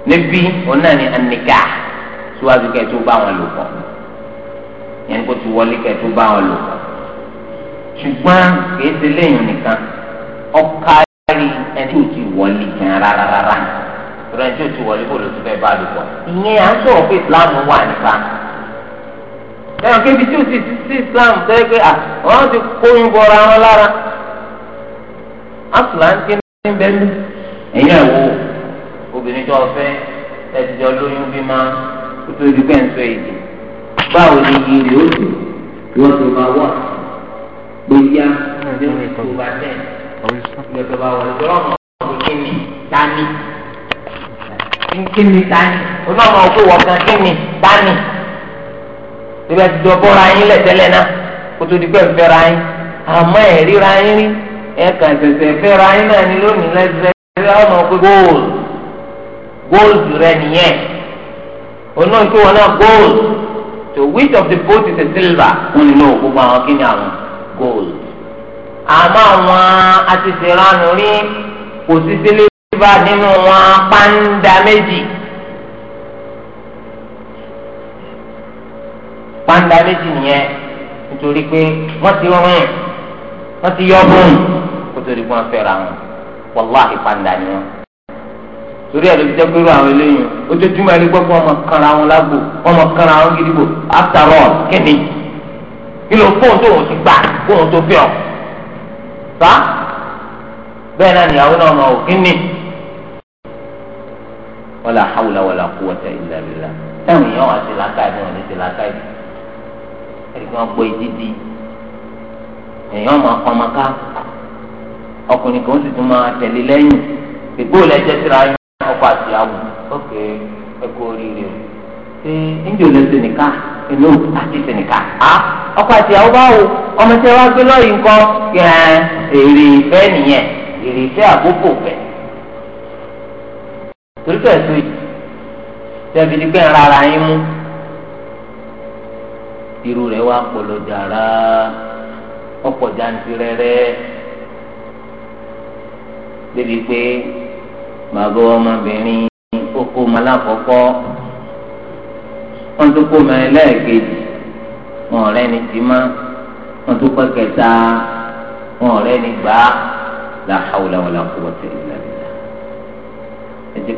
níbí òun náà ní ànìkà síwájú kẹ́ẹ̀ tó bá wọn lò pọ̀ yẹn kó ti wọlé kẹ́ẹ̀ tó bá wọn lò pọ̀ ṣùgbọ́n kìí ṣe léyìn nìkan ọ̀kárí ẹni tí ò ti wọlé gan rárá rárá ẹni tí ti wọlé bò ló ti fẹ́ bá lò pọ̀ ìyẹn à ń sọ̀rọ̀ pé ìsìláàmù wà nípa ẹ̀rọ kébi tí o sì sí islam sẹ́yìn pé à wọ́n ti kóyún bọ̀ra wọn lára asùláńtì ní bẹ́ẹ̀ ní ẹ̀yìn obìnrin tó ọ̀fẹ́ ẹ̀dìjọ́ lóyún bí máa kó tó di pẹ́ǹsọ èdè báwo ni iye rẹ̀ ó sì wọ́n tó máa wà pé yá ní omi tó bá tẹ̀ ìgbẹ́tọ̀ bá ọ̀hún kí ni tani kí ni tani kan kí ni tani. níbi àti jọ bọ́ra yín lẹ́tẹ́lẹ̀ náà kó tó di pé ń fẹ́ra yín àmọ́ ẹ̀ ríra yín rí ẹ̀ kàn ṣẹ̀ṣẹ̀ fẹ́ra yín náà ni lónìí lẹ́sẹ̀ ẹ̀rọ ọ̀nà pé gold gold rẹ nìyẹn oná tó wọn náà gold so which of the both is a silver wọn ni náà gbogbo àwọn kí ni àwọn gold àmọ́ àwọn àti ṣèrànù rí kò sí sílẹ̀ bá nínú wọn pàǹdà méjì. pàǹdà méjì nìyẹn nítorí pé wọ́n ti rìn wọ́n ti yọ bùn kó tó di pé wọ́n fẹ́ ra wọn wàláhì pàǹdà ni wọn. torí ẹ̀ ló ti jẹ́ pé irú àwọn eléyìí ojoojúmọ́ ẹni gbọ́ pé wọ́n máa kanra wọn lágbo wọ́n máa kanra wọn gidigbo after all kéde kí ló fóun tó òun ti gbà fóun tó fẹ́ ọ. sá bẹ́ẹ̀ náà nìyàwó náà ọmọ òfin ni. wala hawla wala quwwata illa billah táwọn èèyàn wá sí làákàyè wọn ní sí làákàyè ẹ̀gbọ́n gbọ́ ìdídì èèyàn máa kọ́ ọmọ ká ọkùnrin kan sì tún máa tẹ̀lé lẹ́yìn ìgbó lẹ́jẹ́ síra yín ọkọ̀ àti àwù ókè ẹ̀kọ́ oríire o ṣé ńjò lè ṣe nìka inú àti ṣe nìka á ọkọ̀ àti àwù báwo ọmọ tí wàá gbé lọ́yìn nǹkan yẹn èrè ìfẹ́ nìyẹn èrè ìfẹ́ àkókò fẹ́ torí pẹ̀lú tẹ̀bi ní pẹ́ ń rárá yín mú irú rẹ̀ wá pọ̀lọ̀ jàrá ọ̀pọ̀ jantirẹrẹ débi pé bàbá ọmọbìnrin ó kó ọmọ alákọ̀ọ́kọ́ wọ́n tún kó ọmọ ẹlẹ́ẹ̀kejì wọn ọ̀rẹ́ ni tì má wọ́n tún pẹ́ kẹta wọn ọ̀rẹ́ ni gbà á la hawla wala quwwata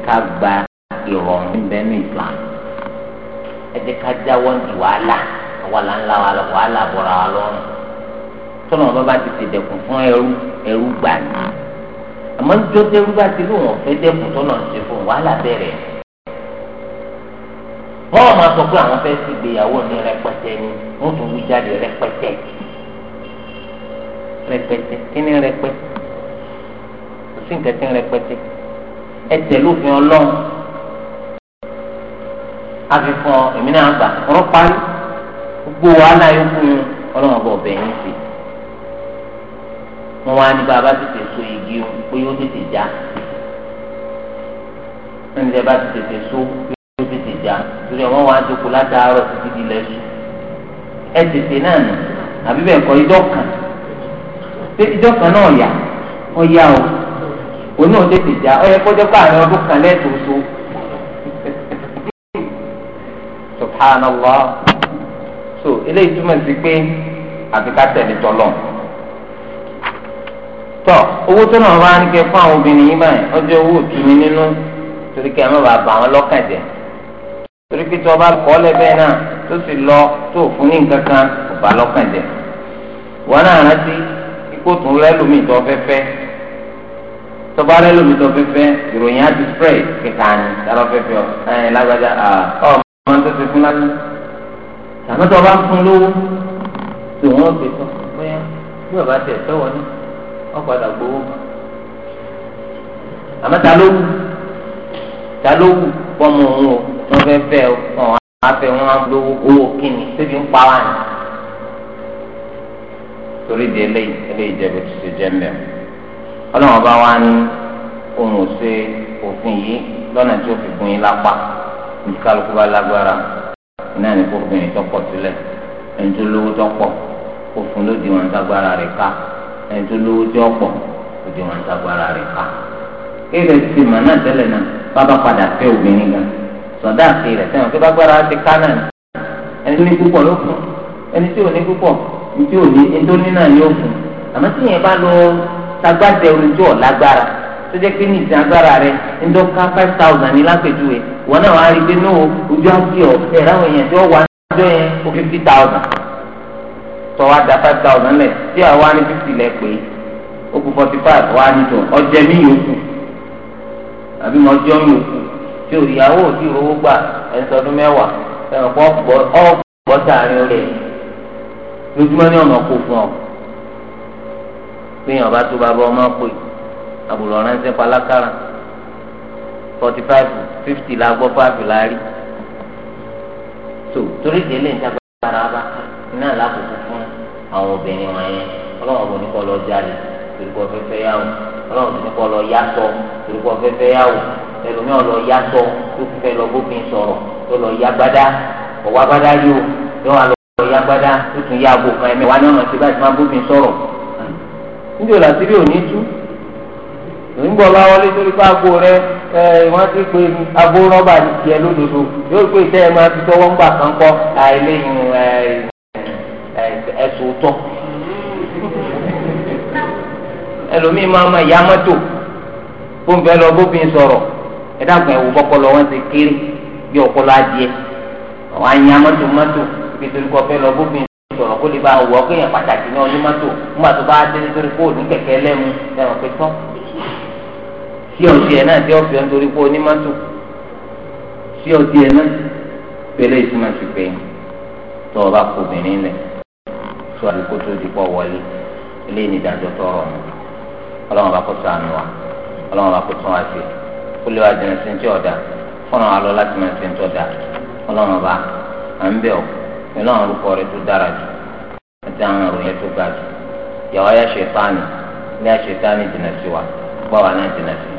ká gba ìrọ̀rùn bẹ́ẹ̀ ní Islam ẹ jẹ́ ká jáwọ́ ní wàhálà àwa là ń la wa lọ wàhálà bọ̀ra wa lọ́rùn tọ́nà wọn bá ti ṣèdẹ̀kùn fún ẹrú ẹrú gbà ní. àmọ́ dọ́dẹ́rú bá ti lóun ọ̀fẹ́ dẹ́kun tọ́nà ṣe fún wàhálà bẹ̀rẹ̀. wọ́n máa sọ pé àwọn fẹ́ sí ìgbéyàwó ní rẹpẹtẹ ni wọ́n tún wí jáde rẹpẹtẹ. rẹpẹtẹ kí ni rẹpẹtẹ kò sí nǹkan tí ń rẹpẹtẹ ẹ lófin ọlọ́run a fi fún ọ èmi náà gbà ọ̀rọ̀ gbogbo wàhálà yóò kú yín ọlọ́run bọ̀ bẹ̀ yín sí wọn wá ní bàbá tètè so igi o pé yóò tètè já ẹni tẹ bá ti tètè so yóò tètè já torí ọmọ wa dúkú látàárọ̀ títí di lẹ́sù ẹ tètè náà nù àbí bẹ́ẹ̀ kọ́ idọ́ kan pé idọ́ kan náà yà ọ yá o òun náà tètè já ọ yẹ kó jẹ́ pé ọdún kan lẹ́ẹ̀tọ́ so subhanallah so eléyìí túmọ̀ sí pé àfi ká tẹ̀lé tọ́lọ̀ tọ́ owó tó náà wá ní kẹ fún àwọn obìnrin yìí báyìí ọjọ́ owó òtúni nínú torí kẹ́ ẹ má bàa bà wọ́n lọ́kàn jẹ́ torí pé tí wọ́n bá kọ́ lẹ́bẹ̀ẹ́ náà tó sì lọ tó fún ní nǹkan kan kò bá lọ́kàn jẹ́ wọn náà rántí ikú tún rẹ́lòmíì tó fẹ́ fẹ́ tọba rẹ́lòmíì tó fẹ́ ìròyìn á ti spread kíkà ni tàbí fẹ́ fẹ́ ọ ẹ̀ lágbájá ọ ọmọ tó ti fún lásán àmọ́ tó o bá fún lówó tó wọ́n ti fún bóyá bí o bá tẹ̀ fẹ́wọ̀ ní wọ́n padà gbowó àmọ́ ta ló wù ta ló wù fọ́ọ̀mù òun o wọ́n fẹ́ fẹ́ ọ ọ̀hún àfẹ́ wọn á lówó owó kíni síbi ń pa wá torí di eléyìí eléyìí jẹ́ bó ti ṣe jẹ́ mẹ́rin ọlọ́run bá wá ní òun ò òfin yìí lọ́nà tí ó fi gun yín lápá nìkálukú bá lágbára. náà ní kóbìnrin tó sílẹ̀ ẹni tó lówó tó pọ̀ wọn tágbára rẹ ká ẹni tó lówó tó wọn tágbára rẹ ká. kéde ti mà náà tẹ́lẹ̀ náà bábá padà fẹ́ obìnrin gan sọ̀dá àti rẹ̀ sẹ́wọ̀n bágbára ti ká náà ẹni tó ní púpọ̀ ló fún ẹni tí ò ní púpọ̀ ní tí ò ní ẹni tó ni ó tó jẹ́ pé ní ìsìn agbára rẹ̀ ń dọ́ka five thousand ní lápẹ̀júwe wọn náà wá rí i pé ní ojú àti ọ̀ ẹ̀rọ àwọn èèyàn tí wọ́n wà níjọ́ yẹn ó fifty thousand tó wá da five thousand lẹ̀ tí àwa ní fifty lẹ̀ pé ó kú forty five wá níjọ ọjẹ́ mi yòókù àbí mo jọ́ mi òkú tí o ìyàwó ò tí ì rówó gbà ẹ̀sọ́dún mẹ́wàá ẹ̀rọ̀ pọ̀ ọ̀pọ̀ sàárín rẹ̀ lójúmọ́ ní ọ̀nà kò fún ọ pé èèyàn bá tó bá bọ́ ọmọ pè é àbùrọ̀ ránṣẹ́ palákàrà forty five fifty la gbọ́ five la rí so torí ìdílé níta gbàgbára bá náà lákòókò fún àwọn obìnrin wọn yẹn ọlọ́wọ́n bò ní kọ́ lọ jáde torí kọ́ fẹ́fẹ́ yàwó ọlọ́wọ́n bò ní kọ́ lọ yàtọ̀ torí kọ́ fẹ́fẹ́ yàwó ẹlòmíì ọlọ yàtọ̀ tó fẹ́ lọ bófin sọ̀rọ̀ tó lọ yàgbádá ọ̀wá gbádá yóò yọ wà lọ yàgbádá tó tún yàgò kan ẹ̀mẹ́wàá ní ọ̀nà tí bá ti máa bófin sọ̀rọ̀ níbi ò ńgbọ́ bá wọlé torí pé aago rẹ ẹ wọ́n ti pé aago rọ́bà ní tiẹ̀ lódodo yóò pé tẹ́ ẹ máa ti tọ́wọ́ ńgbà kan kọ́ àìlẹ́yìn ẹ̀sùn tọ́ ẹlòmíì máa ma ìyá mọ́tò tó ń bẹ́ lọ bóbin sọ̀rọ̀ ẹ dàgbọ́n ẹ̀wò bọ́kọlọ wọn ti kéré bí ọ̀pọ̀lọ adìẹ àwọn àyìn amọ́tò mọ́tò nítorí kọ́ fẹ́ lọ bóbin sọ̀rọ̀ kó lè bá wọ̀ ọ́ kéèyàn pàtàkì ní ọdún mọ́tò nígbà tó bá dé nítorí kó o ní kẹ̀kẹ́ lẹ́mu lẹ́wọ̀n pé sí ọtí ẹ náà tí ọfẹ ọ nítorí pé onímọ́tò sí ọtí ẹ náà pẹlẹ ìtumọ̀ sí pé tọ́ ọ bá kó obìnrin lẹ̀ tó àdúgbò tó di pọ̀ wọlé eléyìí ní ìdájọ́ tó rọ̀ mọ́ ọlọ́run bá kó sànù wa ọlọ́run bá kó tún wa sí kó lè wá jẹun sí ní tí ọ̀dà fọ́nà wa lọ láti máa ṣe ń tọ́da ọlọ́run bá à ń bẹ̀ ọ́ pẹ̀lú àwọn orúkọ rẹ tó dára jù àti àwọn àròyìn tó ga jù yàwá yà ṣètáni ní àṣetáni jìnnà sí wa gbọ́ wa náà jìnnà sí i.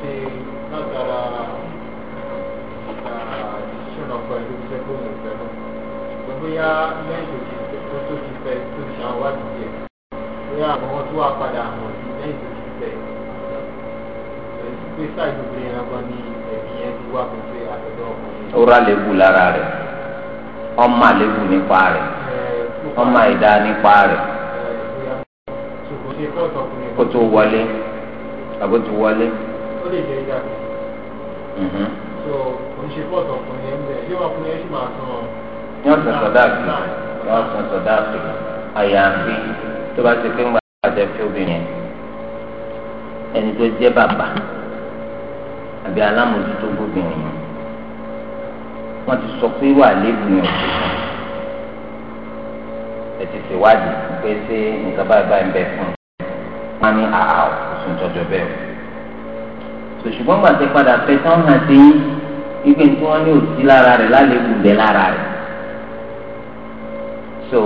ってだから師匠の声で聞こえるんだけど僕や面積って途中聞いて通常は聞いて ya àwọn tó wà padà hàn sí ó lè jẹ́ ìjà mi. Mm-hmm. so kò ń ṣe pọ́ọ̀tù ọkùnrin yẹn bẹ́ẹ̀ yóò ọkùnrin yẹn sì máa san. yóò san sọdá sí yóò san sọdá sí àyàfi tó bá ti pé ńgbà àti ẹfẹ obìnrin ẹni tó jẹ́ bàbá àbí alámòjútó gbóbìnrin wọn ti sọ pé wà lébùn yẹn ẹ ti ṣèwádìí pé ṣé nǹkan báyìí báyìí ń bẹ fún un wọn ní àá òsùn tọjọ bẹ́ẹ̀ sòṣùgbọ́n gbàtẹ́ padà fẹ́ tán hàn sí ipe tí wọ́n ní òsí lára rẹ̀ lálébù bẹ́ lára rẹ̀ so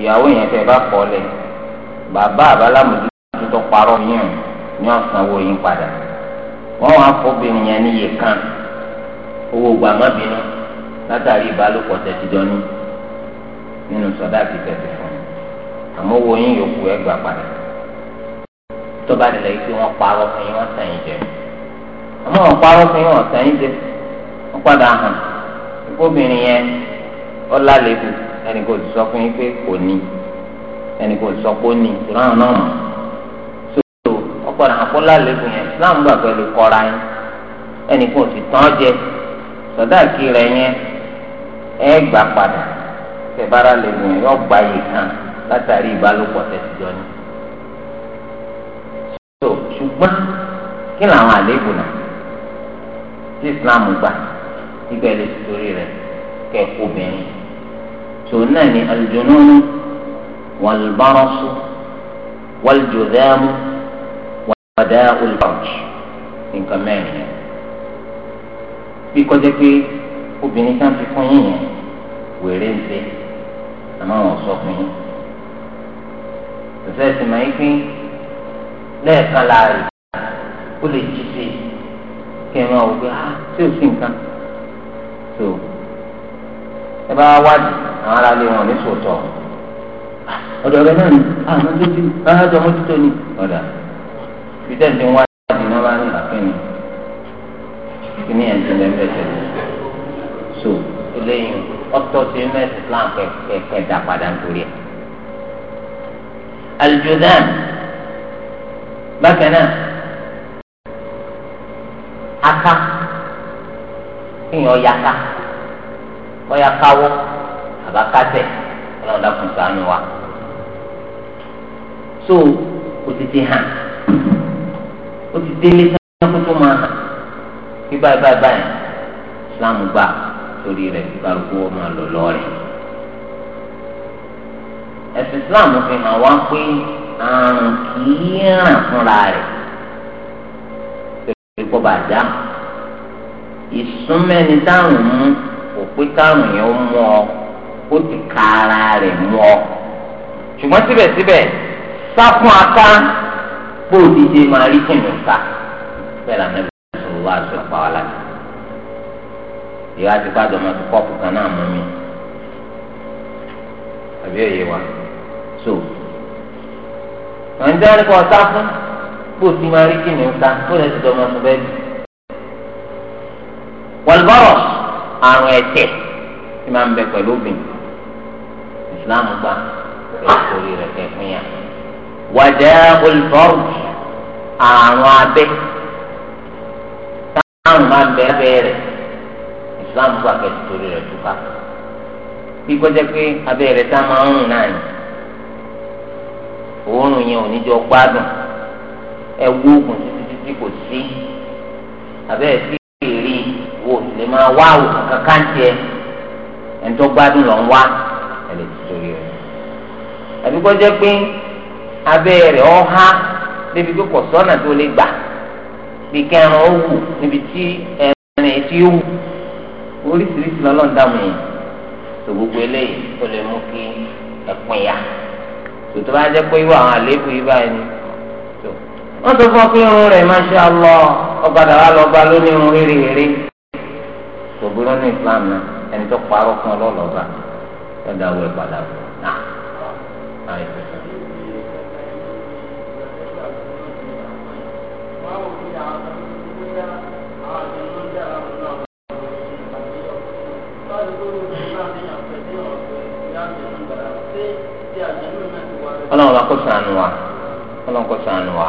ìyàwó yẹn fẹ́ bá kọ́ lẹ̀ bàbá àbálámùdú tó parọ́ yẹn ni wọ́n sanwó yín padà wọ́n wá fọ́bìnrin yẹn níye kan owó gbàmọ́bìnrin látàrí ìbálòpọ̀ tẹ̀síjọ́ ní nínú sọ̀dá àti tẹ̀sí fún un àmọ́ owó yín yòókù ẹ̀ gbà padà tó bá dẹ̀ lẹ́yìn pé wọ́n parọ́ fún yín wọ́n sàn yín jẹun. àmọ́ wọn parọ́ fún yín ọ̀sẹ̀ yín jẹ wọn padà hàn ìkóbìnrin yẹn ọlá lẹ́bi ẹnì kò sọ fún yín pé kò ní so ọ̀pọ̀lọpọ̀ àpọ́lá lẹ́bi yẹn Islam gbà pẹ̀lú kọ́ra yín ẹnì kò sì tán jẹ sọdáàkì rẹ̀ yẹn ẹ gbà padà tẹ̀bára yẹn yọ gbà yìí kan látàrí so ṣùgbọ́n kí làwọn náà. tí islam gbà ibẹ̀ lè torí rẹ̀ kẹ́ kó obìnrin tó náà ní aljunun walbarasu waljudhamu wada'ul farj nǹkan mẹ́rin yẹn bí kọjá pé obìnrin kan fi fún yín yẹn wèrè ń àmọ́ wọn sọ fún yín tòṣẹ́ ti máa ń pín lẹ́ẹ̀kan láàrin ó lè jí sí i kí ẹ máa wò pé ṣé o sì nǹkan tó ẹ bá wádìí àwọn aráàlú wọn ní sòótọ́ ọ̀dọ̀ rẹ náà ni àwọn ah, tó ti àwọn tó mú títọ́ ni ọ̀dà fìdẹ́ ti ń wádìí náà bá ní àfẹ́ni kí ni ẹ̀jẹ̀ lẹ́mẹ̀ tẹ̀lé so eléyìí ọ̀tọ̀ sí mẹ́sì Islam kẹ̀kẹ́ dá padà nítorí ẹ̀. aljudan bákan náà aka kéèyàn yaka bóyá káwọ́ àbá kásẹ̀ ọlọ́run dákun ṣàánú wa so o ti ti hàn o ti délé sáyẹn kó tó máa hàn bí báyìí báyìí báyìí islam gbà torí rẹ̀ kálukú wọn máa lọ lọ́ọ̀rẹ́ ẹ̀sìn islam fi hàn wá pé àrùn kì ràn fúnra rẹ̀ kíkọ́ bá dá ìsúnmẹ́ni dáhùn mú kò pé káàrùn yẹn ó mú ọ ó ti ka ara rẹ̀ mú ọ ṣùgbọ́n síbẹ̀síbẹ̀ sá fún aká kó òdìdè máa rí kìnnìún ká bẹ́ẹ̀ lànà ìbí sọ̀rọ̀ wá aṣọ àpá wa láti ìyá ti bá dọ̀mọ́ ti kọ́ọ̀pù kan náà mú mi àbí òye wa so ǹjẹ́ wọn ní kò kó tí máa rí kíni ta kó lè ti dọ́mọ tó bẹ́ẹ̀ bì. wàlúbọ̀rọ̀ àrùn ẹ̀tẹ̀ tí máa ń bẹ pẹ̀lú obìnrin islam gba lórí rẹ̀ kẹfún yà. wàjẹ́ olùfọ́ọ̀rù àrùn abẹ́ táwọn máa ń bẹ abẹ́ rẹ̀ islam gba kẹsì torí rẹ̀ túká. kíkọ́jẹ́ pé abẹ́ rẹ̀ tá máa ń rùn náà ni òórùn yẹn ò ní jọ gbádùn ẹwú oògùn títí títí kò sí abẹ́ ẹ̀sí ìrírí wo lè máa wá oògùn kankan jẹ ẹni gbádùn lọ ń wá ẹ̀lẹ́ ti sórí rẹ̀ àbí jẹ́ pé abẹ́ rẹ̀ ọ́ há débi pé kò sọ́nà tó lè gbà bí kẹrin ó wù níbi tí ẹ̀rín ti wù oríṣiríṣi lọ́lọ́run dáhùn yìí tó gbogbo eléyìí ó lè mú kí ẹ̀pìn yá tòtò bá jẹ́ pé irú àwọn àléébù yìí báyìí ni wọ́n sọ fún ọ pé irun rẹ̀ masha Allah ọ̀padà wa lọ bá lónìí irun rírì rírì kò burú ní Islam náà ẹni tó parọ́ fún ọlọ́lọ́ba ọ̀dà wẹ̀ padà bọ̀ náà. ọlọ́run bá kó sànù wa ọlọ́run kó sànù wa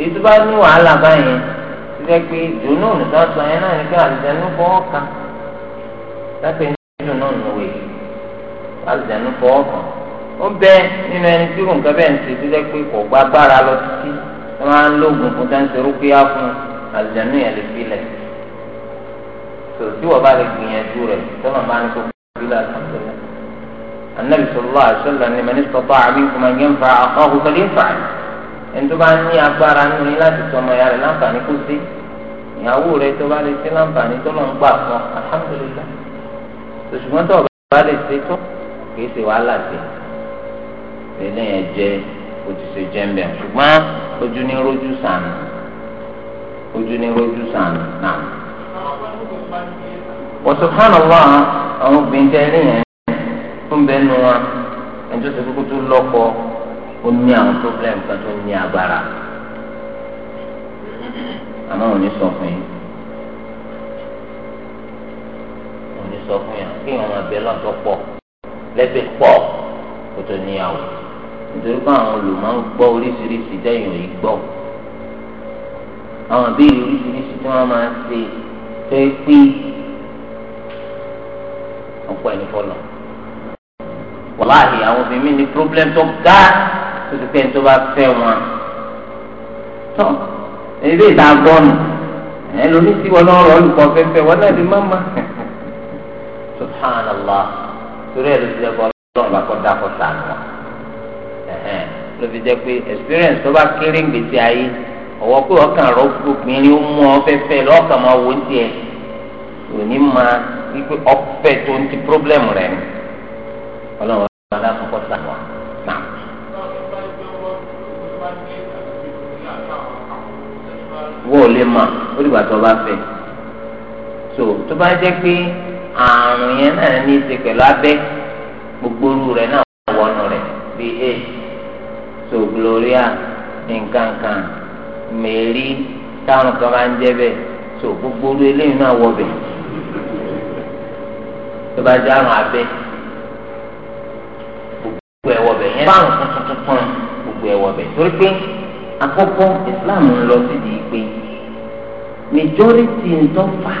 èyí tó bá ní wàhálà báyẹn ti jẹ́ pé dùnú nìkan sọ yẹn náà ní pé àlùjẹ̀nu fọwọ́ kan lápẹ́ ní dùnú nùwẹ̀ àlùjẹ̀nu fọwọ́ kan ó bẹ nínú ẹni tí kò nǹkan bẹ́ẹ̀ ń ṣe tó jẹ́ pé kò gba agbára lọ títí wọ́n máa ń lóògùn fún táǹtì rúkúyà fún àlùjẹ̀nu yẹn lè filẹ̀ tó tí wọ́n bá lè gbìyànjú rẹ̀ tọ́nà máa ń tó bílẹ̀ àtàkùn النبي صلى الله عليه وسلم لمن استطاع منكم أن ينفع أخاه فلينفعه ẹni tó bá ní agbára nínú yín láti sọ ọmọ ìyá rẹ̀ láǹfààní kó sí ìyàwó rẹ̀ tó bá lè ṣe láǹfààní tó lọ́n gbà fún ọ alhamdulillah ṣùgbọ́n tó bá lè ṣe tó kì í ṣe wàhálà sí ilé yẹn jẹ́ ojúṣe jẹ́ńbẹ̀ ṣùgbọ́n ojú ní rojú sànù ojú ní rojú sànù náà. wa subhanallah àwọn obìnrin tẹ́lẹ̀ yẹn fún bẹ́ẹ̀ nu wọn ẹjọ́ sọ fún kótó lọ́kọ̀ọ́ ó ní àwọn problem kan tó ní agbára àmọ́ òní sọ fún yín òní sọ fún yàn kí wọn máa bẹ lọ́tọ̀ pọ̀ lẹ́sẹ̀ pọ̀ kó tó níyàwó nítorí pé àwọn olùmọ̀ ń gbọ́ oríṣiríṣi dẹ́yìn òyìn gbọ́ àwọn bíi oríṣiríṣi tí wọ́n máa ń ṣe tó é pé ọ̀pọ̀ ẹni fọlọ̀ wàláhì àwọn obìnrin ní problem tó ga tó ti pé tó bá fẹ́ wọn. tó eré ìta gbọ́nù ẹ lómi sí wọn lọ́rọ̀ olùkọ́ fẹ́fẹ́ wọn náà di mọ́mọ́. subhanallah torí ẹ̀ ló ti jẹ́ kọ́ ọlọ́run bá kọ́ dákọ̀ sànù wọn. ló fi jẹ́ pé experience tó bá kéré gbèsè ayé ọ̀wọ́ pé ọkàn rọ obìnrin ó mú ọ fẹ́fẹ́ lọ́kàn máa wò ó tiẹ̀ òní máa wípé ọ̀fẹ́ tó ń ti problem rẹ̀ ni ọlọ́run ọlọ́run wọ́n ò lè mà ó dìgbà tó bá fẹ́ so tó bá jẹ́ pé àrùn yẹn náà ní í ṣe pẹ̀lú abẹ́ gbogbo orú rẹ̀ náà wọnú rẹ̀ bí a so gloria nkankan mary táwọn kan máa ń jẹ́ bẹ́ẹ̀ so gbogbo orú eléyìí náà wọ bẹ́ẹ̀ tó bá jẹ́ àrùn abẹ́ gbogbo ẹ̀wọ̀ bẹ̀ yẹn fáwọn tuntun tuntun gbogbo ẹ̀wọ̀ bẹ̀ torí pé àkọ́kọ́ Islam ń lọ sídìí pé majority ńtọ́ fà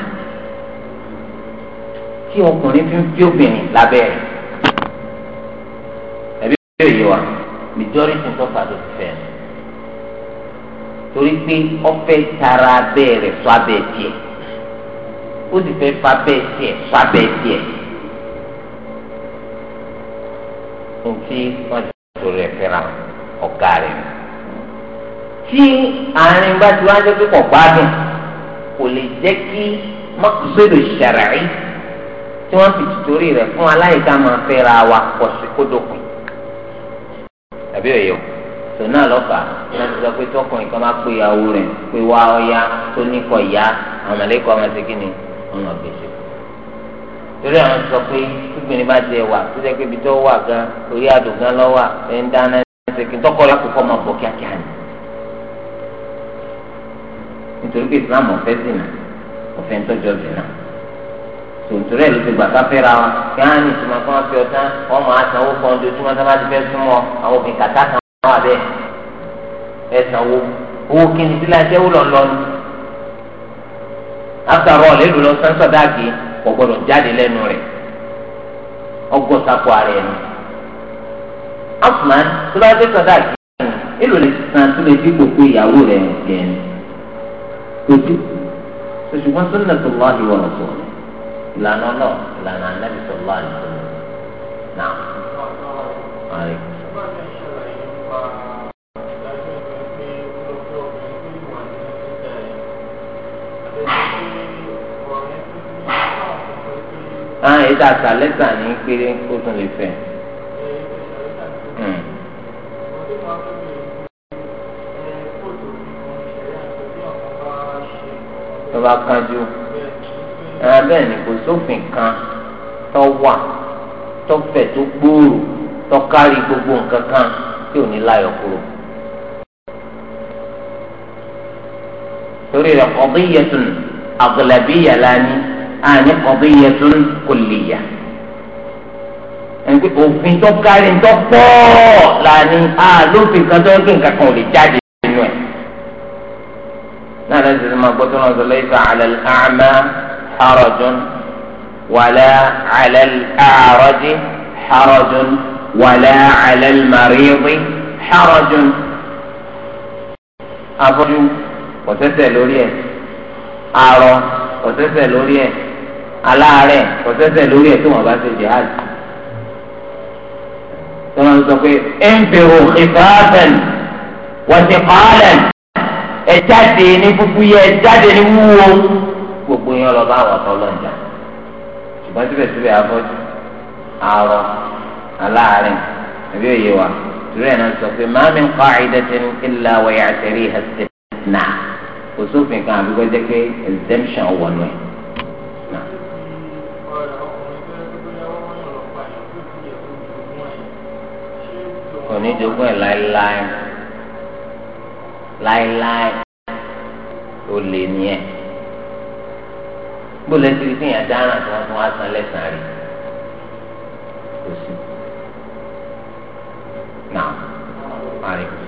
tí ọkùnrin fi ń fi obìnrin lábẹ́ rẹ̀ ẹ̀bí bẹ́ẹ̀ yìí wa majority ńtọ́ fà ló ti fẹ́ torí pé ọfẹ́ tara abẹ́ rẹ̀ sọ abẹ́ tiẹ̀ ó sì fẹ́ fa abẹ́ tiẹ̀ sọ abẹ́ tiẹ̀ nti wọ́n ti torí ẹ̀ fẹ́ràn ọ̀gá rẹ̀ tí àárín bá ti wá jẹ́ pé kò gbádùn kò lè jẹ́ kí mọ́kùsọ̀dọ̀ ṣàràí tí wọ́n fi tìtorí rẹ̀ fún aláìka máa fẹ́ ra wa pọ̀ sí kódókùn. àbí òye o tò náà lọ́fà náà ti sọ pé tọkùnrin kan máa pé ìyàwó rẹ̀ pé wá ọya tó níkọ̀ ìyá àwọn mọ̀lẹ́kọ̀ ọmọ ti kíni ọmọ gbèsè. torí àwọn sọ pé tóbìnrin bá jẹ wà tó jẹ́ pé ibi tó wà gan orí àdùn gan lọ́wà ẹ̀ ń dáná ẹ̀ ń ṣe kí tọkọ̀ lákòókò máa bọ̀ kíákíá ni. nítorí pé islam ọ̀fẹ́ zina ọ̀fẹ́ ń tọ́jọ́ zina tòǹtòrẹ́ ló ti gbàgbá fẹ́ra wọn kí á ní ìtumọ̀ kí wọ́n fi ọtán wọ́n máa kan ojoojúmọ́ tá a bá ti fẹ́ súnmọ́ àwọn òbí kàtá kan wà bẹ́ẹ̀ ẹ sanwó owó kíni tí láti ẹwú lọ lọ after all èlò lọ sánsọ dáàgì kò gbọdọ̀ jáde lẹ́nu rẹ̀ tó bá dé péjú ṣùgbọ́n sunna tó lọ́ ìwọ ọ̀tọ̀ ìlànà náà ìlànà anábì tó lọ́ àìsàn náà. Ah, ìdá àtàlẹ́sà ní péré ó tún lè fẹ́. Hmm. tó bá kánjú ẹran bẹ́ẹ̀ ni kò sófin kan tó wà tó fẹ̀ tó gbòòrò tó kárí gbogbo nǹkan kan tí ò ní láyọ̀ kúrò. torí rẹ̀ qadiyyatun aghlabiyya lání àní qadiyyatun kulliyya ẹnìpé òfin tó kárí tó pọ̀ lání àlófin kan tó ń gbé nǹkan kan ò lè jáde náà lẹ́sìn tí máa gbọ́tọ́ náà sọ lẹ́yìn àlẹ́ àmà àrọ̀jùn wàlẹ́ àlẹ́ àrọ̀jì àrọ̀jùn wàlẹ́ àlẹ́ màríwì àrọ̀jùn. afọ́jú kọ̀sẹ́sẹ̀ lórí ẹ̀ arọ kọ̀sẹ́sẹ̀ lórí ẹ̀ aláàárẹ̀ kọ̀sẹ́sẹ̀ lórí ẹ̀ tí wọ́n bá ṣe jihad tọ́lá ń sọ pé ẹ̀ńbẹ̀rù ìfàáfẹ̀n wọ́sẹ̀kọ́lẹ̀n ẹ jáde ní fúfúyẹ́ ẹ jáde ní wúwo gbogbo yẹn lọ bá àwọn ọ̀tọ́lọ́njà ṣùgbọ́n síbẹ̀síbẹ̀ afọ́jú arọ aláàárín ẹbí òye wa tìrú ẹ̀ náà sọ pé ma min qa'idatin illa wa ya'tariha istithna kò sófin kan àbí gbọ́dọ̀ pé exemption wọ̀ nù ẹ̀. kò ẹ̀ láéláé láéláé ó lè ní ẹ gbọ́dọ̀ lẹ́sìn rí fìyàn dáràn tí wọ́n tún wá san lẹ́sàn-án rí kò sí. Now, I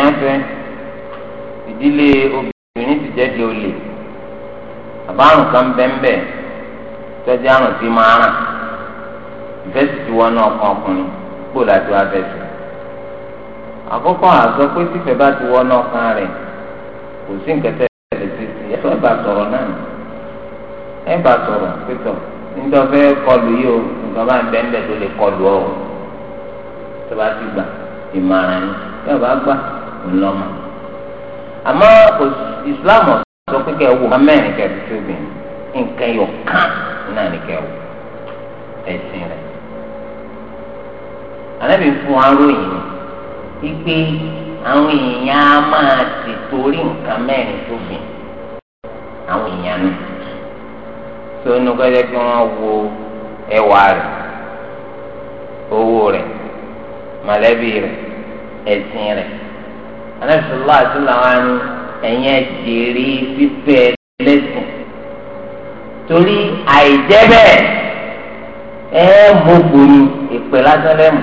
èèyàn fẹ́ ìdílé obìnrin ti jẹ́ di olè àbárùn kan bẹ́ńbẹ́ tọ́jú àrùn sí máa ràn ìfẹ́ sì ti wọnú ọkàn ọkùnrin gbò láti wá fẹ́ sí. àkọ́kọ́ àzọ pé tífẹ̀ bá ti wọnú ọkàn rẹ̀ kò sí nǹkan tẹ́ ẹ lè ṣe sí ẹ bá sọ̀rọ̀ náà ẹ bá sọ̀rọ̀ pétọ̀ níjọ́ fẹ́ kọlù yìí o nǹkan bá ń bẹ́ńbẹ́ tó lè kọlù ọ́ tó bá ti gbà ìmọ̀ràn yìí tó bá gbà ńlọ́mọ. àmọ́ islam sọ pé kẹ́ ẹ wò mẹ́rin kẹ́ ẹ fi tóbi nǹkan ẹyọ kan náà ni kẹ́ ẹ wò ẹ̀sìn rẹ̀. àlẹ́bí fún wa ròyìn wípé àwọn èèyàn á máa ti torí nǹkan mẹ́rin tóbi àwọn èèyàn náà. tó inú kọ́jà kí wọ́n wo ẹwà rẹ̀ owó rẹ̀ mọ̀lẹ́bí rẹ̀ ẹ̀sìn rẹ̀ anabisọlá àti làwọn ẹ̀yìn ẹ̀jẹ̀rì fífẹ́ lẹ́sìn torí àìjẹ́ bẹ́ẹ̀ ẹ mọ gbòòrò ìpè lásán lẹ́mù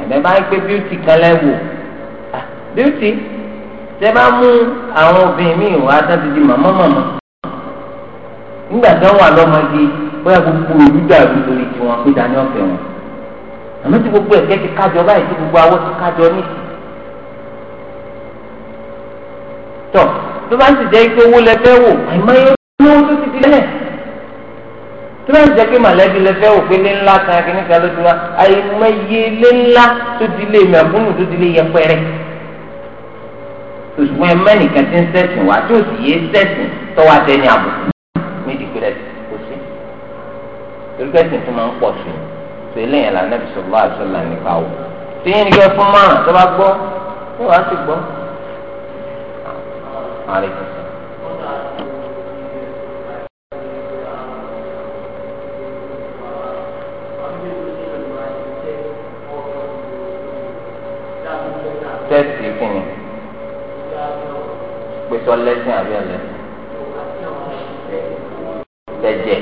ẹ̀mẹ́ bá ń pé bíútì kan lẹ́wò ah, bíútì tẹ bá mú àwọn obìnrin míì wá sáti di màmá màmá nígbà tí wọn wà lọ́mọdé bóyá gbogbo olùdà lórí tiwọn pé dání ọ̀fẹ́ wọn àmọ́ tí gbogbo ẹ̀kẹ́ ti kájọ báyìí tí gbogbo awọ ti kájọ nísìnyí. tọ tó bá ń ti jẹ́ pé owó lẹ́fẹ́ wò àìmọye owó tó ti di lẹ́lẹ̀ tó bá ń jẹ́ pé màlẹ́bí lẹ́fẹ́ wò pé lé ńlá kan kìíní kan ló ti wá àìmọye lé ńlá tó di lé mẹ̀kúnnù tó di lé yẹpẹrẹ ṣùgbọ́n ẹ̀mẹ́ nìkan ti ń sẹ́sìn wá tí ò sì yé sẹ́sìn tọ́wọ́ àtẹ́ni àbùkù méjì péré kò sí torí pẹ́sìn tó máa ń pọ̀ sí tó eléyàn lànà Ànábì bá gbọ́ yóò parí. tẹ́sì kìnnì pèsè ọlẹ́sìn àbí ọlẹ́sìn tẹ̀jẹ̀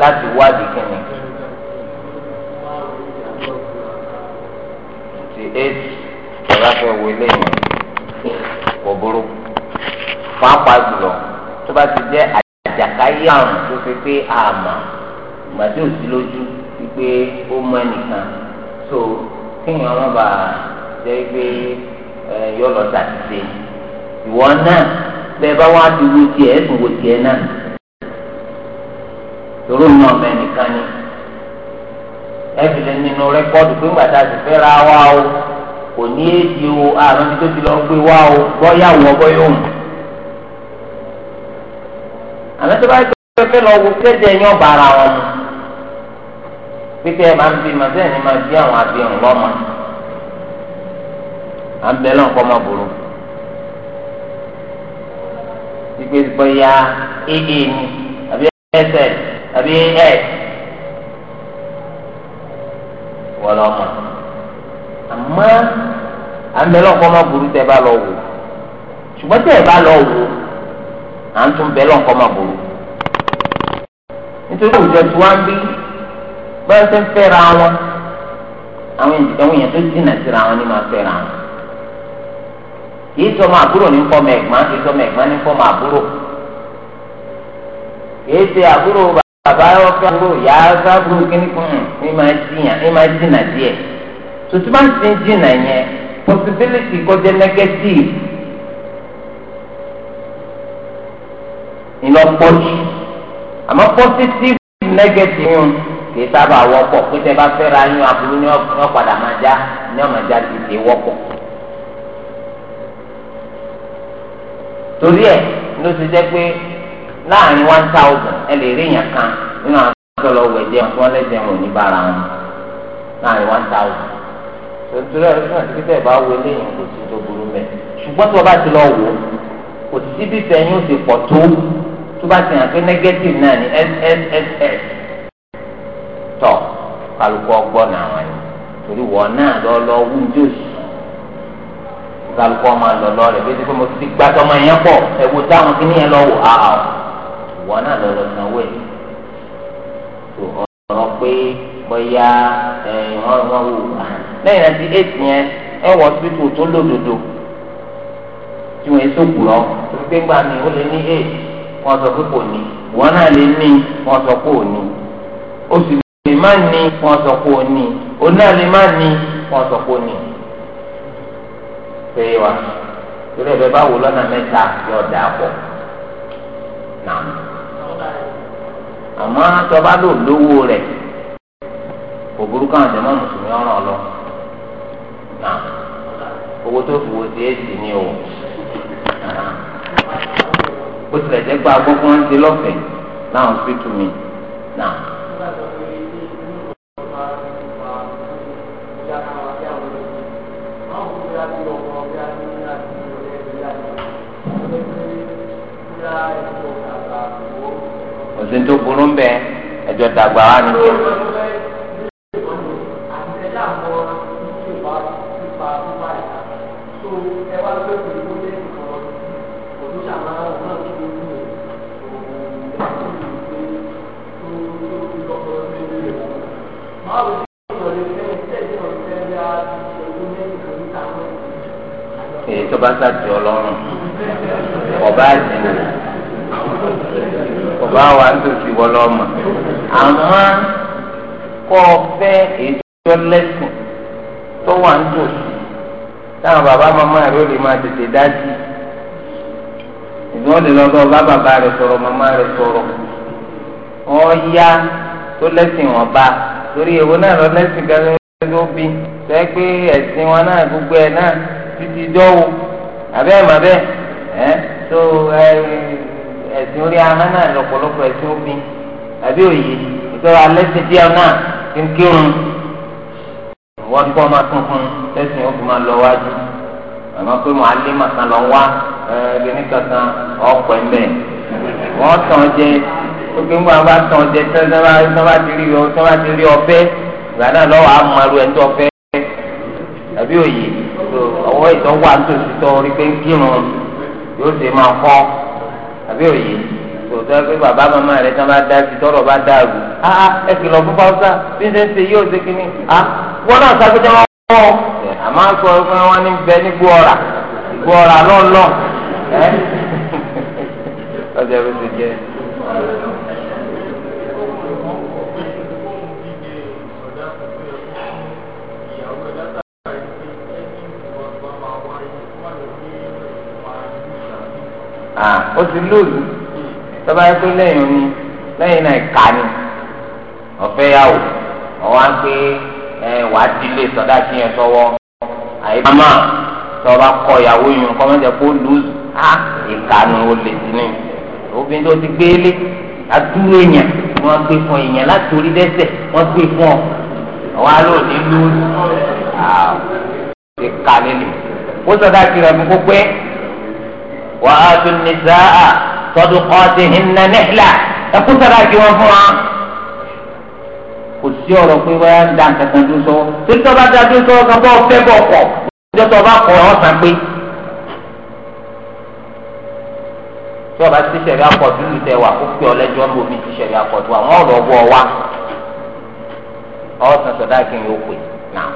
láti wádìí kìnnì ti éèdì ọ̀rá fẹ́ wọlé yìí kò burú pàápàá jùlọ tó bá ti jẹ́ àjàkáyé àrùn tó fi pé àmà ìgbàdí òsì lójú wípé ó mọ ẹnìkan so kéèyàn wọn bá jẹ́ pé yọ lọ sàtìsẹ ìwọ náà bẹ́ẹ̀ bá wá ti wo tiẹ̀ ẹ̀sùn wo tiẹ̀ náà torí òun náà mẹ́nìkan ni ẹ fi lè nínú rẹ́kọ́ọ̀dù pé ńgbà tá a ti fẹ́ ra wa o kò ní èdè o àrùn tí tó ti lọ gbé wá o bọ́yá wọ bọ́yá òun. àmọ́ tó bá yẹ kí lọ wo kéde ẹ̀yán bàrà wọn mu pípẹ́ ẹ̀ máa ń bí màtí ẹ̀yìn máa bí àwọn abirùn lọ́mọ à ń bẹ lọ́nkọ́ máa bòrò pípé bọ́yá éè ni àbí ẹsẹ̀ àbí ẹ̀ wọ́n lọ́mọ. àmọ́ àmbẹ́lọ́kọ́ má burú tẹ́ bá lọ wò ṣùgbọ́n tẹ́ ẹ bá lọ wò à ń tún bẹ́lọ́kọ́ má burú nítorí òjò tí wọ́n ń bí bẹ́ẹ̀ ṣe ń fẹ́ra wọn àwọn èèyàn tó síra wọn ni máa fẹ́ra wọn kì í sọmọ àbúrò ní ẹ̀gbọ́n kì í sọmọ ẹ̀gbọ́n ní àbúrò kì í ṣe àbúrò bàbá ọ̀fẹ́ àbúrò yàrá sábúrò ní máa tòtí máa ń enye jìnnà yẹn possibility kó jẹ́ negative ìlọ pọ̀jù àmọ́ positive negative yẹn kì í sábà wọ́pọ̀ pé bá fẹ́ ra yín aburú ní ọ̀padà máa já ní ọ̀màjá ti ṣe wọ́pọ̀. torí ẹ̀ ló ti jẹ́ pé láàrin one thousand ẹ lè rí èèyàn kan nínú àwọn akẹ́kọ̀ọ́ torí ọ̀rọ̀ tí wọ́n ti fẹ́ bá wo eléyìí kò sí tó burú mẹ́ ṣùgbọ́n tí wọ́n bá ti lọ wò ó kò sí bí fẹ́yìn ó ti pọ̀ tó tó bá ti hàn pé negative náà ni sss tọ̀ kálukú ọgbọ́n náà wọ́n ni torí wọ́n náà lọ lọ wú ní òsì kálukú ọmọ àlọ́lọ́ rẹ̀ bí wọ́n ti gbá tọmọ yẹn pọ̀ ẹ̀wò táwọn kìíní yẹn lọ wò á ọ̀ wọ́n náà lọ lọ sanwó ẹ̀ tó ọ̀rọ̀ pé bóyá ẹ̀ wọ́n wọ́n wò á lẹ́yìn náà ti eight yẹn ẹ wọ hospital tó lódodo tí wọ́n èso kù lọ pé gbà mí ó lè ní eight wọ́n sọ pé kò ní wọ́n náà lè ní wọ́n sọ pé ò ní oṣù lè má ní wọ́n sọ pé ò ní òun náà lè má ní wọ́n sọ pé ò Ah, owó tó fi wo sí èsì ni o bó tilẹ̀ jẹ́ pé agbókò ń lọ́fẹ̀ẹ́ láwọn burú ń ọba sàtì ọlọ́run ọba àjìnà ọba wa ń tòsí wọlọ́mọ àmọ́ kọ́ ọ fẹ́ ètò lẹ́sìn tó wà ń tòsí táwọn bàbá màmá rẹ̀ ó lè máa tètè dá sí ìgbọ́n lè lọ bá bàbá rẹ̀ sọ̀rọ̀ màmá rẹ̀ sọ̀rọ̀ ọ̀ya tó lẹ́sìn ọba torí èwo náà lọ lẹ́sìn gánà ló bí sọ pé ẹ̀sìn wọn náà gbogbo ẹ̀ náà títí dọ́wọ́ àbẹ́ ẹ̀ màbẹ́ ẹ̀ tó ẹ̀sìn orí ahọ́n náà lọ́pọ̀lọpọ̀ ẹ̀sìn òfin àbí òye ìtọ́ alẹ́ ti díẹ̀ náà ti ń kírun wọ́n kọ́ máa tún fún ẹ̀sìn òfin máa lọ wájú àmọ́ pé mo alẹ́ màkàn lọ wá ẹ̀ẹ́dẹ́ni kankan ọ̀pọ̀ ẹ̀mẹ́ wọ́n tàn jẹ gbogbo ń bá a bá tàn jẹ tẹ́lẹ̀ tẹ́lẹ̀ bá ti rí ọbẹ̀ ìgbà náà lọ́wọ́ àmọ́ ẹrú ẹ̀ ń tọ́ fẹ́ àbí òye. ọwọ́ ìtọ́ wà tọ́ orí pé ń kírun yóò ṣe máa kọ́ àbí òye tòótọ́ pé bàbá màmá rẹ̀ tán bá dá sí tọ́rọ̀ bá dá àgùn áá ah, ah, ẹ kìlọ̀ fún fáwọ́sà bí ń ṣe ń ṣe yóò ṣe kínní á ah, wọ́n náà sábẹ́jẹ́ wọn kọ́ àmọ́ sọ pé ní bẹ ní ó ti lóòlù tọ́ba yẹ pé lẹ́yìn ni lẹ́yìn náà ìka ni ọ̀fẹ́ yà wò ọ̀wá ń pé wàá dilé sọ̀dá sí yẹn sọ́wọ́ àyè mama tọ́ba kọ ìyàwó yìí kọ́ mẹ́jẹ kó lóòlù á ìka ni ó lè sí ni obìnrin tó ti gbélé adúró èèyàn wọ́n gbé fún èèyàn láti orí dẹ́sẹ̀ wọ́n gbé fún ọ ọ̀wá lóòlù lóòlù ìka ni ó sọ̀dá sí rẹ̀ fún kó pé wà النساء صدقاتهن نحلة sáà tọdún kan ti hin na nílà ẹkú sára kí wọn fún wa. kò sí ọ̀rọ̀ pé wọ́n á dá nǹkan kan dúró sọ́wọ́ torí tó bá dá dúró sọ́wọ́ kan bọ́ bọ̀ pọ̀ ìjọ tó bá kọ̀ ọ́ sàn pé. tí wọ́n ti sẹ̀rí akọ̀tún ní tẹ̀ wá kó pé ọlẹ́jọ́ ń bomi ti sẹ̀rí akọ̀tún àwọn ọ̀rọ̀ ọgbọ́ wa ọ̀sán sọ̀dá kí n yóò pè náà.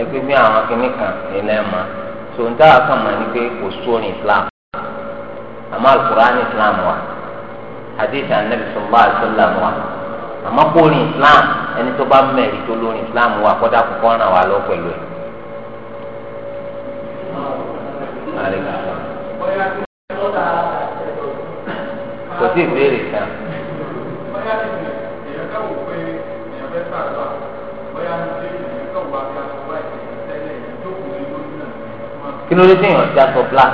ẹgbẹ́ bí àwọn akínní kan nílẹ̀ mọ́ tòǹtà àkàmọ́ ni pé kò sórin Islam àmọ́ alukur'an Islam wa hadith anabi sallallahu alaihi wa àmọ́ kórin Islam ẹni tó bá mẹ́rin tó lórin Islam wa kọ́dà kọ́kọ́ ràn wá lọ pẹ̀lú ẹ̀. ló dé téèyàn já sọ black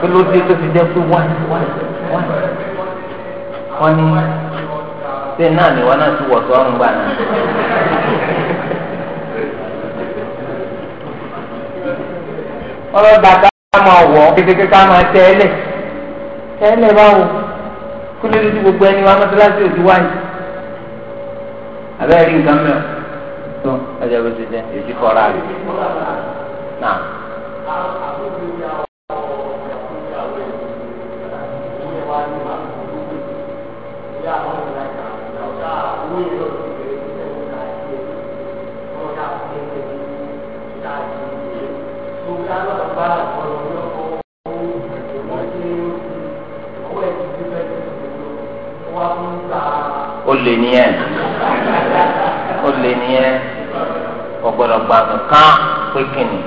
kí ló dé tó fi jẹ́ pé wá wá wá wọ́n ní ṣé náà ni wọ́n náà ti wọ̀ sọ́run gbà náà. ọlọ́dà ká máa wọ̀ kékeré ká máa tẹ́lẹ̀ tẹ́lẹ̀ báwo kí ló dé tí gbogbo ẹni wá mọ́tíláṣí òdi wáyé abẹ́rẹ́ nǹkan mẹ́rin ọjọ́ bó ti jẹ́ èyí kọ́ra rẹ̀ náà. ó lè ní ẹ ó lè ní ẹ gbọ́dọ̀ gba kankan pé kìnnì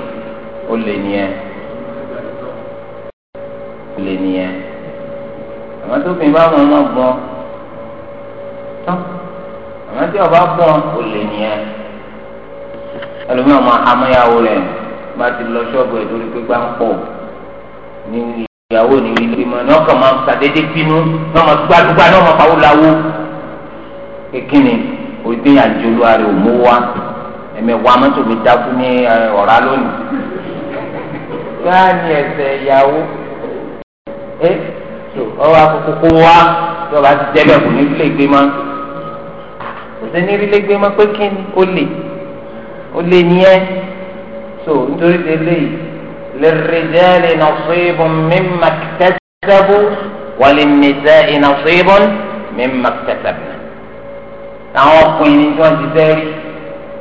ó lè nìyẹn ó lè nìyẹn àmọ́ tó fi bá wọn náà gbọ́ tán àmọ́ tí ọba gbọ́ ó lè nìyẹn ẹlòmíràn máa amúyàwó rẹ̀ bá ti lọ ṣọ́ọ̀bù ẹ̀ lórí pípa ń pọ̀ ní ìyàwó ní ilé ìmọ̀ ní ọkàn máa ń sàdédé bínú ní ọmọ gbádùgbà ní ọmọ pàwọ́ làwọ́ kékeré òdìyànjú lóore òmùwà ẹ̀mẹ̀ wà mọ́tò mi dákú ní ọ̀rá lónìí. Gáàní ẹsẹ̀ ìyàwó ẹ ọwọ́ akókókó wá tí ọba ti dẹ́bẹ̀ kò ní lè gbé mọ́. Kò sí ní lè gbé mọ́ pé kí ni ó lè ó lè yẹn. So nítorí ti eléyìí lirrijali nasibun mimma iktasabu wa linnisa'i nasibun mimma iktasabna. Àwọn ọkùnrin tí wọ́n ti sẹ́rí.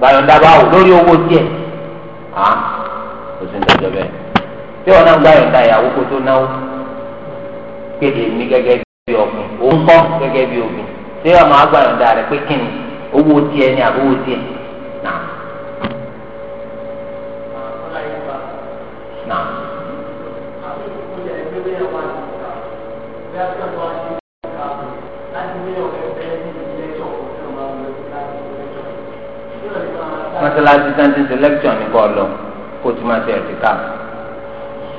gbàyọ̀ǹda bá wò lórí owó díẹ̀ á kò sí nítorí ọbẹ̀ tí ọ̀nà gbàyọ̀ǹda ìyàwó kó tó náwó kéde mi gẹ́gẹ́ bí ọkùn òun kọ́ gẹ́gẹ́ bí obìnrin tí ọmọ agbàyọ̀ǹda rẹ̀ pé kíni owó díẹ̀ ni àbówó díẹ̀ mọ́sálásí sáńtì selection ní kọ́ lọ kó o ti máa ṣe ẹ̀sìn ká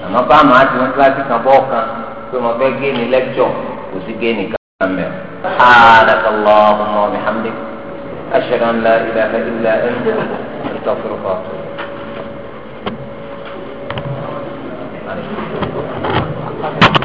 àmọ́ bá a máa ti mọ́sálásí kan bọ́ kan pé mo fẹ́ gé ni lecture kò sí gé ni ká mẹ́. سبحانك اللهم وبحمدك أشهد أن لا إله إلا أنت أستغفرك وأتوب إليك